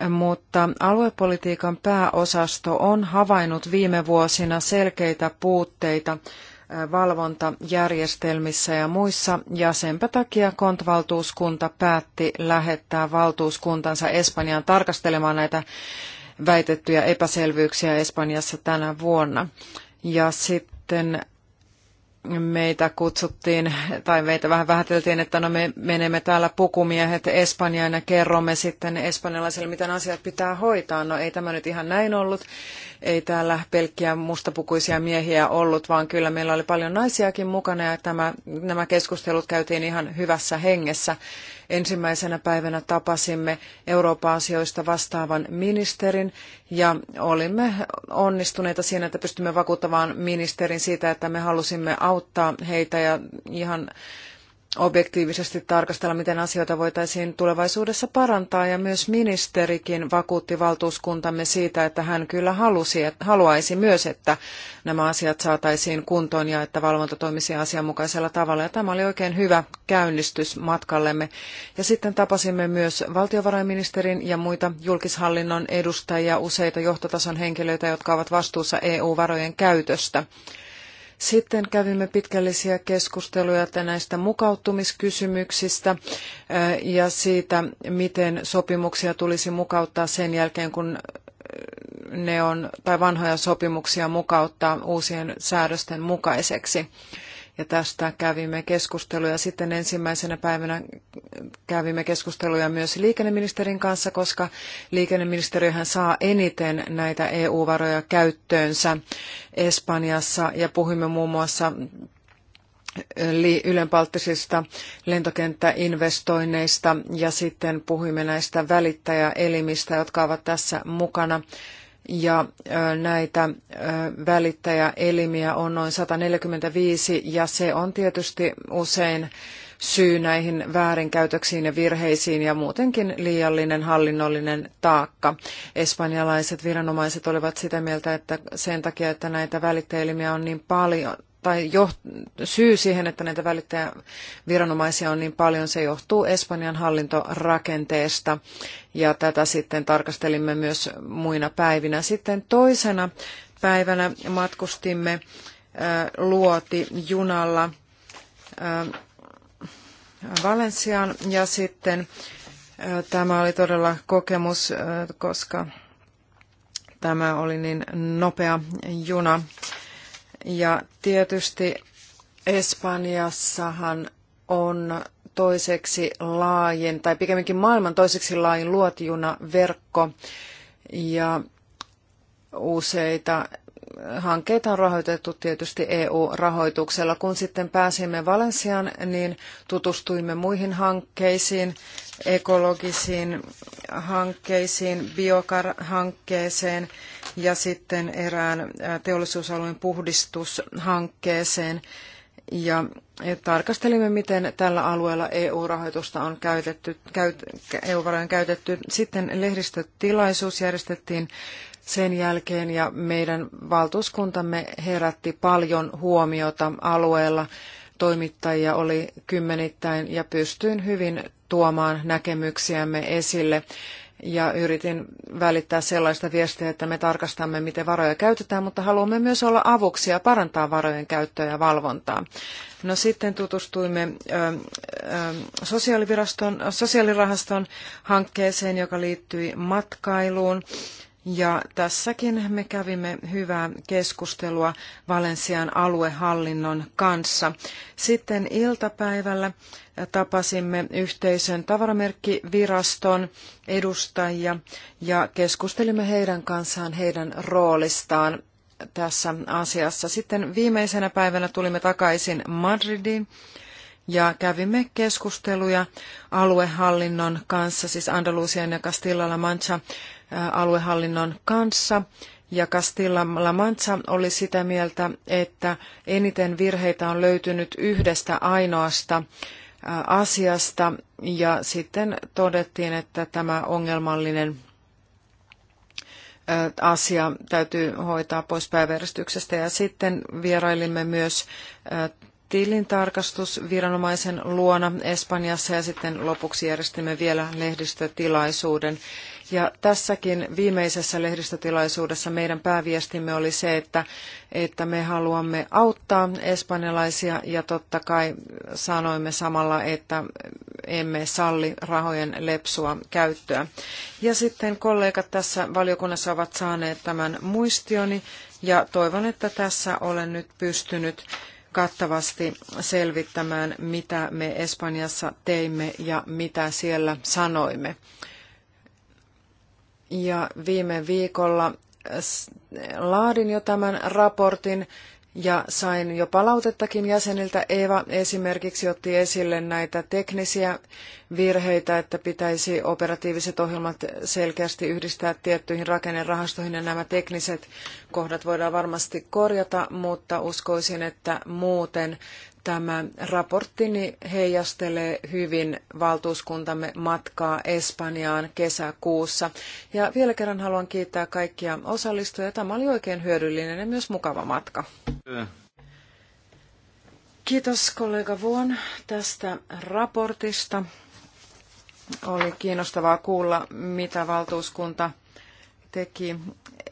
eh, mutta aluepolitiikan pääosasto on havainnut viime vuosina selkeitä puutteita valvontajärjestelmissä ja muissa, ja senpä takia kontvaltuuskunta päätti lähettää valtuuskuntansa Espanjaan tarkastelemaan näitä väitettyjä epäselvyyksiä Espanjassa tänä vuonna. Ja sitten meitä kutsuttiin tai meitä vähän vähäteltiin, että no me menemme täällä pukumiehet Espanjaan ja kerromme sitten espanjalaisille, miten asiat pitää hoitaa. No ei tämä nyt ihan näin ollut. Ei täällä pelkkiä mustapukuisia miehiä ollut, vaan kyllä meillä oli paljon naisiakin mukana ja tämä, nämä keskustelut käytiin ihan hyvässä hengessä. Ensimmäisenä päivänä tapasimme Eurooppa-asioista vastaavan ministerin ja olimme onnistuneita siinä, että pystymme vakuuttamaan ministerin siitä, että me halusimme auttaa heitä ja ihan objektiivisesti tarkastella, miten asioita voitaisiin tulevaisuudessa parantaa. Ja myös ministerikin vakuutti valtuuskuntamme siitä, että hän kyllä halusi, haluaisi myös, että nämä asiat saataisiin kuntoon ja että valvonta toimisi asianmukaisella tavalla. Ja tämä oli oikein hyvä käynnistys matkallemme. Ja sitten tapasimme myös valtiovarainministerin ja muita julkishallinnon edustajia, useita johtotason henkilöitä, jotka ovat vastuussa EU-varojen käytöstä. Sitten kävimme pitkällisiä keskusteluja näistä mukauttamiskysymyksistä eh, ja siitä, miten sopimuksia tulisi mukauttaa sen jälkeen, kun eh, ne on, tai vanhoja sopimuksia mukauttaa uusien säädösten mukaiseksi. Ja tästä kävimme keskusteluja. Sitten ensimmäisenä päivänä kävimme keskusteluja myös liikenneministerin kanssa, koska liikenneministeriöhän saa eniten näitä EU-varoja käyttöönsä Espanjassa. Ja puhuimme muun muassa eh, ylenpalttisista lentokenttäinvestoinneista ja sitten puhuimme näistä välittäjäelimistä, jotka ovat tässä mukana ja näitä välittäjäelimiä on noin 145 ja se on tietysti usein syy näihin väärinkäytöksiin ja virheisiin ja muutenkin liiallinen hallinnollinen taakka. Espanjalaiset viranomaiset olivat sitä mieltä, että sen takia, että näitä välittäjäelimiä on niin paljon, tai syy siihen, että näitä välittäjäviranomaisia on niin paljon, se johtuu Espanjan hallintorakenteesta ja tätä sitten tarkastelimme myös muina päivinä. Sitten toisena päivänä matkustimme luoti junalla Valensiaan ja sitten tämä oli todella kokemus, koska tämä oli niin nopea juna ja tietysti Espanjassahan on toiseksi laajin, tai pikemminkin maailman toiseksi laajin luotijuna verkko. ja useita hankkeita on rahoitettu tietysti EU-rahoituksella. Kun sitten pääsimme Valensiaan, niin tutustuimme muihin hankkeisiin, ekologisiin hankkeisiin, biokar-hankkeeseen, ja sitten erään äh, teollisuusalueen puhdistushankkeeseen. Ja äh, tarkastelimme, miten tällä alueella EU-rahoitusta on käytetty, käyt, EU-varoja on käytetty. Sitten lehdistötilaisuus järjestettiin sen jälkeen ja meidän valtuuskuntamme herätti paljon huomiota alueella. Toimittajia oli kymmenittäin ja pystyin hyvin tuomaan näkemyksiämme esille ja yritin välittää sellaista viestiä, että me tarkastamme, miten varoja käytetään, mutta haluamme myös olla avuksi ja parantaa varojen käyttöä ja valvontaa. No sitten tutustuimme sosiaaliviraston, sosiaalirahaston hankkeeseen, joka liittyi matkailuun. Ja tässäkin me kävimme hyvää keskustelua Valensian aluehallinnon kanssa. Sitten iltapäivällä tapasimme yhteisön tavaramerkkiviraston edustajia ja keskustelimme heidän kanssaan heidän roolistaan tässä asiassa. Sitten viimeisenä päivänä tulimme takaisin Madridiin ja kävimme keskusteluja aluehallinnon kanssa, siis Andalusian ja Castilla-La Mancha aluehallinnon kanssa. Ja Castilla-La Mancha oli sitä mieltä, että eniten virheitä on löytynyt yhdestä ainoasta asiasta ja sitten todettiin, että tämä ongelmallinen asia täytyy hoitaa pois päiväjärjestyksestä. Ja sitten vierailimme myös tilintarkastusviranomaisen luona Espanjassa ja sitten lopuksi järjestimme vielä lehdistötilaisuuden. Ja tässäkin viimeisessä lehdistötilaisuudessa meidän pääviestimme oli se, että, että me haluamme auttaa espanjalaisia ja totta kai sanoimme samalla, että emme salli rahojen lepsua käyttöä. Ja sitten kollegat tässä valiokunnassa ovat saaneet tämän muistioni ja toivon, että tässä olen nyt pystynyt kattavasti selvittämään, mitä me Espanjassa teimme ja mitä siellä sanoimme. Ja viime viikolla laadin jo tämän raportin ja sain jo palautettakin jäseniltä. Eeva esimerkiksi otti esille näitä teknisiä virheitä, että pitäisi operatiiviset ohjelmat selkeästi yhdistää tiettyihin rakennerahastoihin ja nämä tekniset kohdat voidaan varmasti korjata, mutta uskoisin, että muuten Tämä raporttini heijastelee hyvin valtuuskuntamme matkaa Espanjaan kesäkuussa. Ja vielä kerran haluan kiittää kaikkia osallistujia. Tämä oli oikein hyödyllinen ja myös mukava matka. Kiitos kollega Vuon tästä raportista. Oli kiinnostavaa kuulla, mitä valtuuskunta teki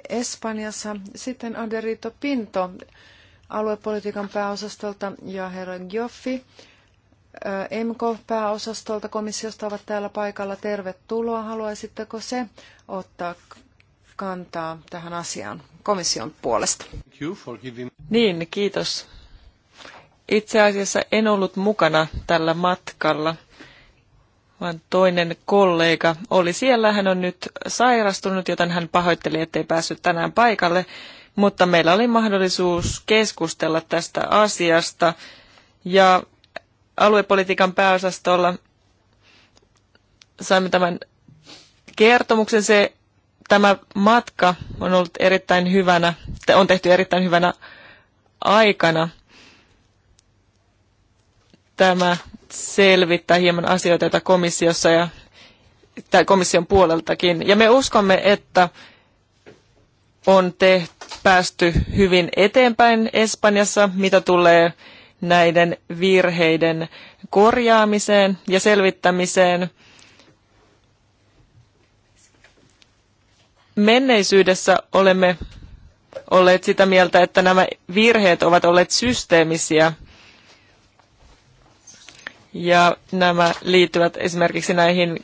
Espanjassa. Sitten Aderito Pinto aluepolitiikan pääosastolta ja herra Gioffi EMKO-pääosastolta komissiosta ovat täällä paikalla. Tervetuloa. Haluaisitteko se ottaa kantaa tähän asiaan komission puolesta? Niin, kiitos. Itse asiassa en ollut mukana tällä matkalla, vaan toinen kollega oli siellä. Hän on nyt sairastunut, joten hän pahoitteli, ettei päässyt tänään paikalle mutta meillä oli mahdollisuus keskustella tästä asiasta ja aluepolitiikan pääosastolla saimme tämän kertomuksen. Se, tämä matka on ollut erittäin hyvänä, on tehty erittäin hyvänä aikana. Tämä selvittää hieman asioita, joita komissiossa ja tai komission puoleltakin. Ja me uskomme, että on te päästy hyvin eteenpäin Espanjassa, mitä tulee näiden virheiden korjaamiseen ja selvittämiseen. Menneisyydessä olemme olleet sitä mieltä, että nämä virheet ovat olleet systeemisiä ja nämä liittyvät esimerkiksi näihin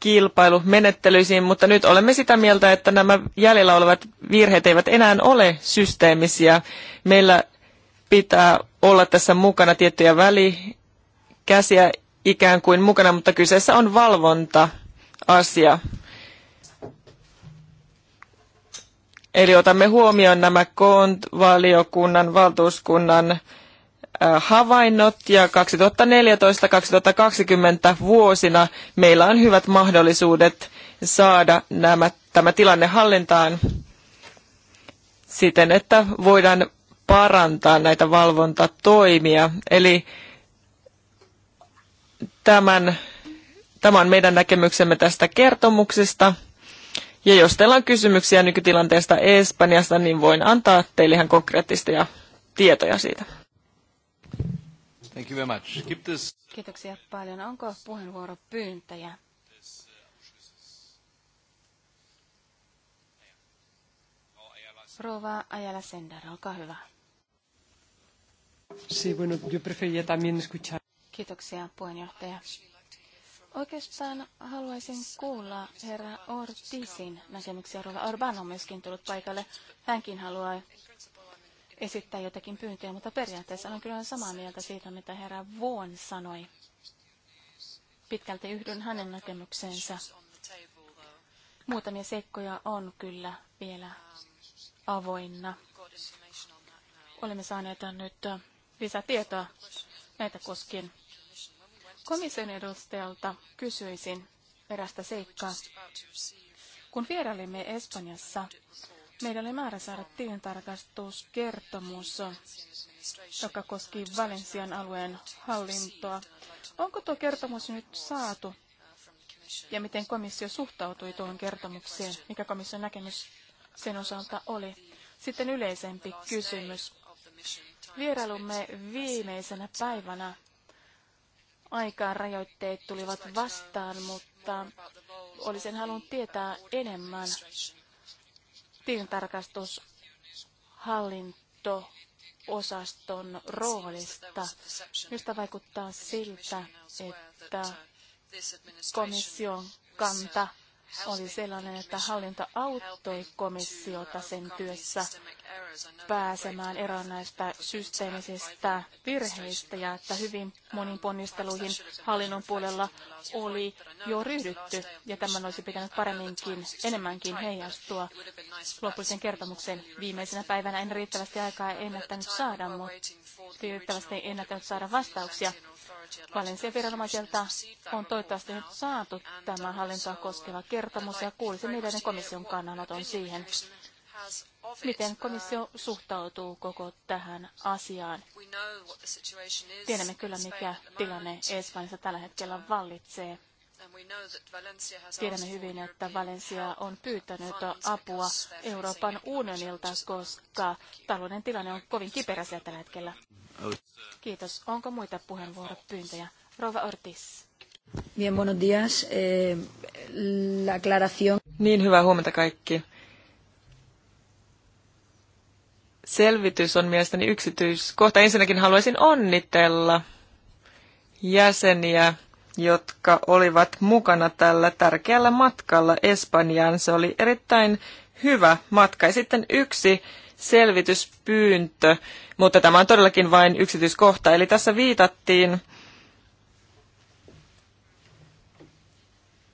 kilpailumenettelyisiin, mutta nyt olemme sitä mieltä, että nämä jäljellä olevat virheet eivät enää ole systeemisiä. Meillä pitää olla tässä mukana tiettyjä välikäsiä ikään kuin mukana, mutta kyseessä on valvonta-asia. Eli otamme huomioon nämä KONT-valiokunnan, valtuuskunnan havainnot ja 2014-2020 vuosina meillä on hyvät mahdollisuudet saada nämä, tämä tilanne hallintaan siten, että voidaan parantaa näitä valvontatoimia. Eli tämän, tämä on meidän näkemyksemme tästä kertomuksesta. Ja jos teillä on kysymyksiä nykytilanteesta Espanjasta, niin voin antaa teille ihan konkreettisia tietoja siitä. Thank you very much. Keep this... Kiitoksia paljon. Onko pyyntäjä. Rova Ayala Sender, olkaa hyvä. Sí, bueno, yo prefería también escuchar. Kiitoksia, puheenjohtaja. Oikeastaan haluaisin kuulla herra Ortisin, näkemyksiä. Rova Orban on myöskin tullut paikalle. Hänkin haluaa esittää jotakin pyyntöjä, mutta periaatteessa olen kyllä samaa mieltä siitä, mitä herra Vuon sanoi. Pitkälti yhdyn hänen näkemykseensä. Muutamia seikkoja on kyllä vielä avoinna. Olemme saaneet nyt lisätietoa näitä koskien. Komission edustajalta kysyisin erästä seikkaa. Kun vierailimme Espanjassa, Meillä oli määrä saada tilintarkastuskertomus, joka koski Valensian alueen hallintoa. Onko tuo kertomus nyt saatu? Ja miten komissio suhtautui tuohon kertomukseen? Mikä komission näkemys sen osalta oli? Sitten yleisempi kysymys. Vierailumme viimeisenä päivänä aikaan rajoitteet tulivat vastaan, mutta olisin halunnut tietää enemmän tilintarkastushallinto osaston roolista, josta vaikuttaa siltä, että komission kanta oli sellainen, että hallinto auttoi komissiota sen työssä pääsemään eroon näistä systeemisistä virheistä ja että hyvin monin ponnisteluihin hallinnon puolella oli jo ryhdytty ja tämän olisi pitänyt paremminkin, enemmänkin heijastua lopullisen kertomuksen viimeisenä päivänä. En riittävästi aikaa ennättänyt saada, mutta riittävästi ennättänyt saada vastauksia Valensian viranomaisilta on toivottavasti nyt saatu tämä hallintoa koskeva kertomus ja kuulisi millainen komission kannanoton siihen. Miten komissio suhtautuu koko tähän asiaan? Tiedämme kyllä, mikä tilanne Espanjassa tällä hetkellä vallitsee. Tiedämme hyvin, että Valencia on pyytänyt apua Euroopan unionilta, koska talouden tilanne on kovin kiperä tällä hetkellä. Kiitos. Onko muita puheenvuoropyyntöjä? Rova Ortiz. Bien, buenos días. Eh, la aclaración. Niin, hyvää huomenta kaikki. Selvitys on mielestäni yksityiskohta. Ensinnäkin haluaisin onnitella jäseniä, jotka olivat mukana tällä tärkeällä matkalla Espanjaan. Se oli erittäin hyvä matka. Ja sitten yksi selvityspyyntö, mutta tämä on todellakin vain yksityiskohta. Eli tässä viitattiin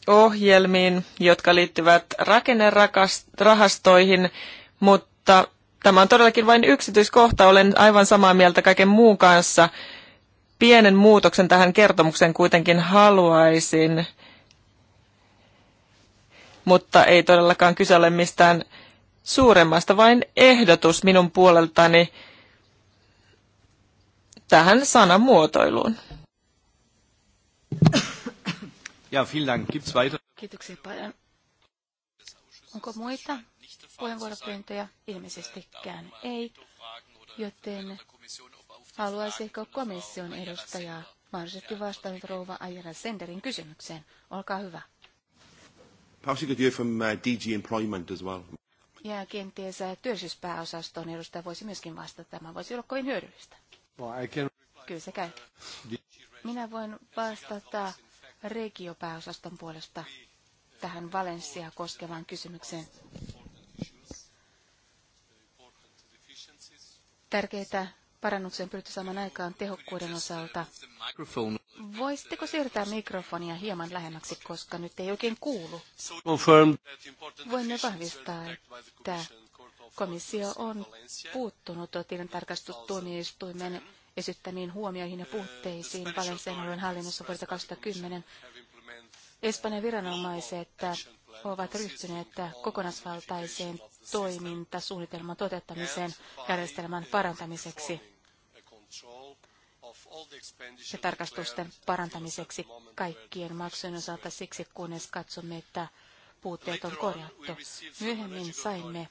ohjelmiin, jotka liittyvät rakennerahastoihin, mutta tämä on todellakin vain yksityiskohta. Olen aivan samaa mieltä kaiken muun kanssa. Pienen muutoksen tähän kertomukseen kuitenkin haluaisin, mutta ei todellakaan kyse ole mistään suuremmasta, vain ehdotus minun puoleltani tähän sanamuotoiluun. Ja, vielen Dank. Gibt's weiter? Kiitoksia paljon. Onko muita puheenvuoropyyntöjä? Ilmeisestikään ei, joten haluaisiko komission edustajaa mahdollisesti vastannut rouva Ajara Senderin kysymykseen? Olkaa hyvä. Perhaps you could hear from uh, DG Employment as well. Ja kenties äh, työllisyyspääosastoon, edustaja voisi myöskin vastata. Tämä voisi olla kovin hyödyllistä. Kyllä se käy. Minä voin vastata regiopääosaston puolesta tähän Valenssia koskevaan kysymykseen. Tärkeitä parannuksia on pyritty saamaan aikaan tehokkuuden osalta. Voisitteko siirtää mikrofonia hieman lähemmäksi, koska nyt ei oikein kuulu? Voimme vahvistaa, että komissio on puuttunut tarkastustuomioistuimen esittämiin huomioihin ja puutteisiin Valencian hallinnossa vuodesta 2010. Espanjan viranomaiset ovat ryhtyneet kokonaisvaltaiseen toimintasuunnitelman toteuttamiseen järjestelmän parantamiseksi ja tarkastusten parantamiseksi kaikkien maksujen osalta siksi, kunnes katsomme, että puutteet on korjattu. Myöhemmin saimme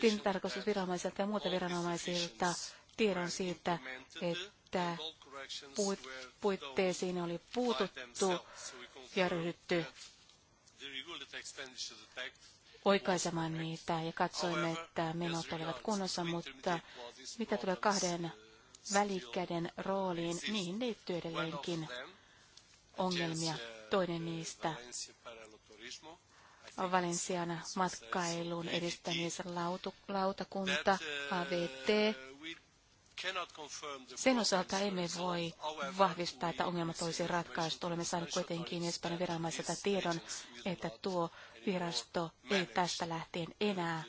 tilintarkastusviranomaisilta ja muilta viranomaisilta tiedon siitä, että puitteisiin oli puututtu ja ryhdytty oikaisemaan niitä ja katsoimme, että menot olivat kunnossa, mutta mitä tulee kahden välikäden rooliin, niihin liittyy edelleenkin ongelmia. Toinen niistä Valensian matkailun edistämislautakunta, AVT. Sen osalta emme voi vahvistaa, että ongelmat olisi ratkaistu. Olemme saaneet kuitenkin Espanjan viranomaiselta tiedon, että tuo virasto ei tästä lähtien enää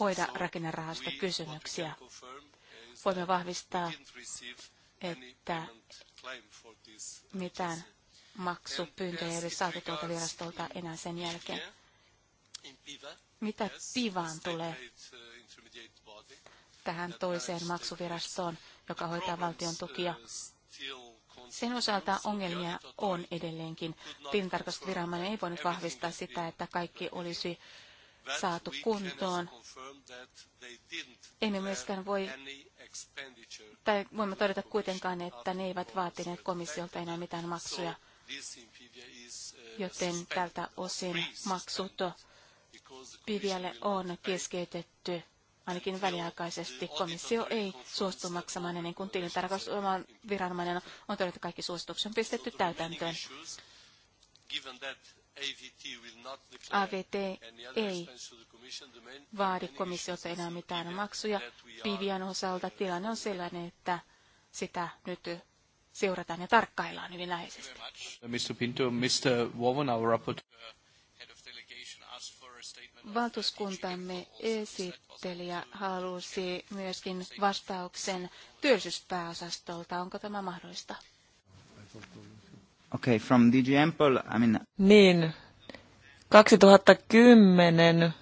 hoida rakennerahasto-kysymyksiä. Voimme vahvistaa, että mitään maksupyyntöjä ei ole saatu tuolta virastolta enää sen jälkeen. Mitä PIVAan tulee tähän toiseen maksuvirastoon, joka hoitaa valtion tukia? Sen osalta ongelmia on edelleenkin. Tilintarkastusviranomainen ei voinut vahvistaa sitä, että kaikki olisi saatu kuntoon. Emme myöskään voi, tai voimme todeta kuitenkaan, että ne eivät vaatineet komissiolta enää mitään maksuja, joten tältä osin maksuto Pivialle on keskeytetty ainakin väliaikaisesti. Komissio ei suostu maksamaan ennen kuin tilintarkastusoman viranomainen on todettu kaikki suositukset on pistetty täytäntöön. AVT ei vaadi komissiota enää mitään maksuja. Vivian osalta tilanne on sellainen, että sitä nyt seurataan ja tarkkaillaan hyvin läheisesti. Mr. Pinto, Mr. Woven, our Valtuuskuntamme esittelijä halusi myöskin vastauksen työllisyyspääosastolta. Onko tämä mahdollista? Okay, from DG Ample, I mean... Niin, 2010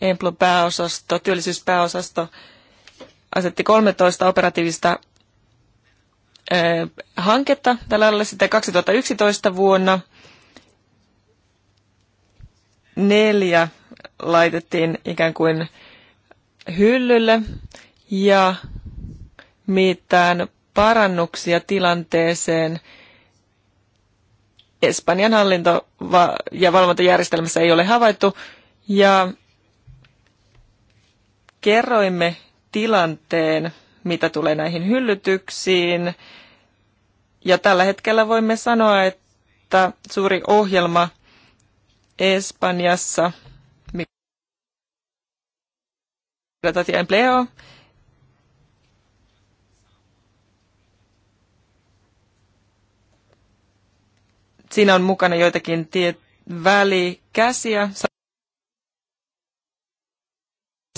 Emplo-pääosasto, työllisyyspääosasto asetti 13 operatiivista hanketta tällä alalla. Sitten 2011 vuonna neljä laitettiin ikään kuin hyllylle ja mitään parannuksia tilanteeseen Espanjan hallinto- ja valvontajärjestelmässä ei ole havaittu ja kerroimme tilanteen, mitä tulee näihin hyllytyksiin. Ja tällä hetkellä voimme sanoa, että suuri ohjelma – Espanjassa Migratat Empleo. Siinä on mukana joitakin tie- välikäsiä.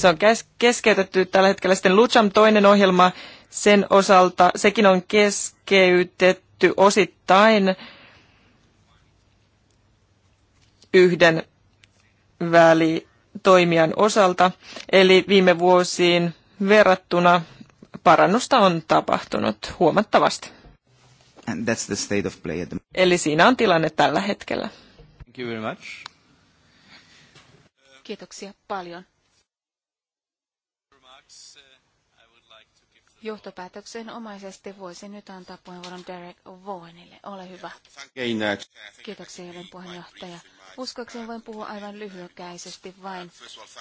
Se on keskeytetty tällä hetkellä sitten Lucham toinen ohjelma sen osalta. Sekin on keskeytetty osittain yhden välitoimijan osalta, eli viime vuosiin verrattuna parannusta on tapahtunut huomattavasti. And that's the state of play at the... Eli siinä on tilanne tällä hetkellä. Thank you very much. Kiitoksia paljon. johtopäätöksen omaisesti voisin nyt antaa puheenvuoron Derek Vaughanille. Ole hyvä. Kiitoksia, Jelen puheenjohtaja. Uskoakseni voin puhua aivan lyhykäisesti vain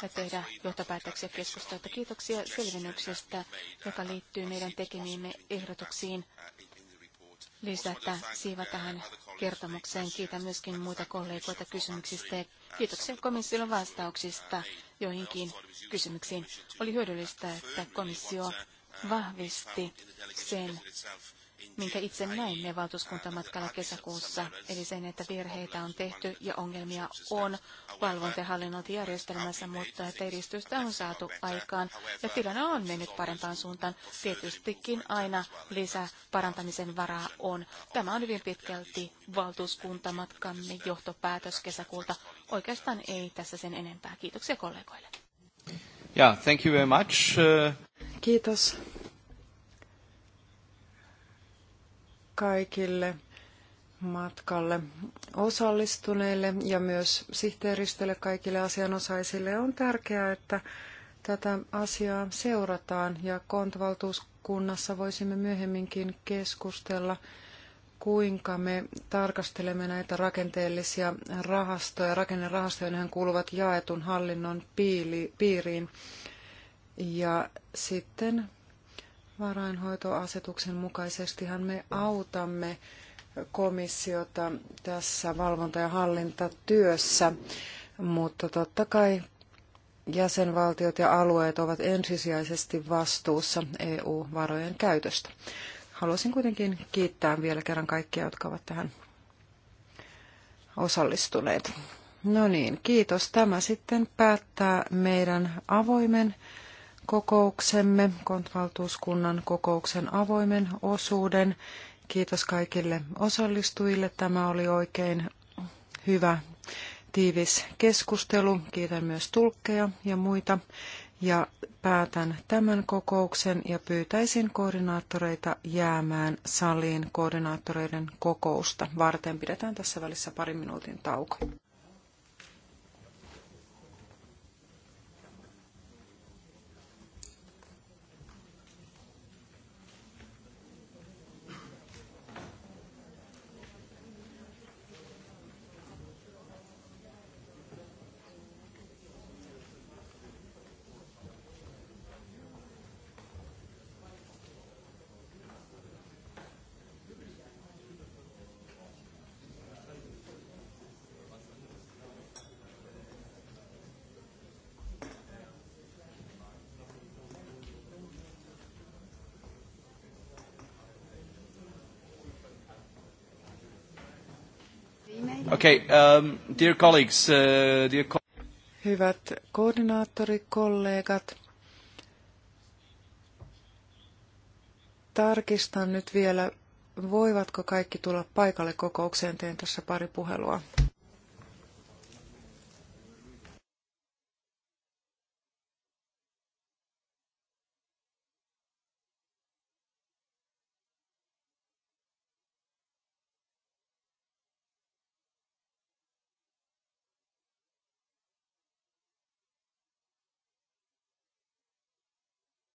ja tehdä johtopäätöksiä keskustelusta. Kiitoksia selvennyksestä, joka liittyy meidän tekemiimme ehdotuksiin lisätä siiva tähän kertomukseen. Kiitän myöskin muita kollegoita kysymyksistä ja kiitoksia komission vastauksista joihinkin kysymyksiin. Oli hyödyllistä, että komissio vahvisti sen, minkä itse näimme valtuuskuntamatkalla kesäkuussa, eli sen, että virheitä on tehty ja ongelmia on järjestelmässä, mutta että edistystä on saatu aikaan ja tilanne on mennyt parempaan suuntaan. Tietystikin aina lisää parantamisen varaa on. Tämä on hyvin pitkälti valtuuskuntamatkamme johtopäätös kesäkuulta. Oikeastaan ei tässä sen enempää. Kiitoksia kollegoille. Yeah, thank you very much. Uh, Kiitos kaikille matkalle osallistuneille ja myös sihteeristölle kaikille asianosaisille. On tärkeää, että tätä asiaa seurataan ja kontvaltuuskunnassa voisimme myöhemminkin keskustella, kuinka me tarkastelemme näitä rakenteellisia rahastoja. Rakennerahastoja kuuluvat jaetun hallinnon piiriin. Ja sitten varainhoitoasetuksen mukaisestihan me autamme komissiota tässä valvonta- ja hallintatyössä, mutta totta kai jäsenvaltiot ja alueet ovat ensisijaisesti vastuussa EU-varojen käytöstä. Haluaisin kuitenkin kiittää vielä kerran kaikkia, jotka ovat tähän osallistuneet. No niin, kiitos. Tämä sitten päättää meidän avoimen kokouksemme, kontvaltuuskunnan kokouksen avoimen osuuden. Kiitos kaikille osallistujille. Tämä oli oikein hyvä tiivis keskustelu. Kiitän myös tulkkeja ja muita. Ja päätän tämän kokouksen ja pyytäisin koordinaattoreita jäämään saliin koordinaattoreiden kokousta. Varten pidetään tässä välissä parin minuutin tauko. Okay, um, dear colleagues, uh, dear co- Hyvät koordinaattorikollegat, tarkistan nyt vielä, voivatko kaikki tulla paikalle kokoukseen. Teen tässä pari puhelua.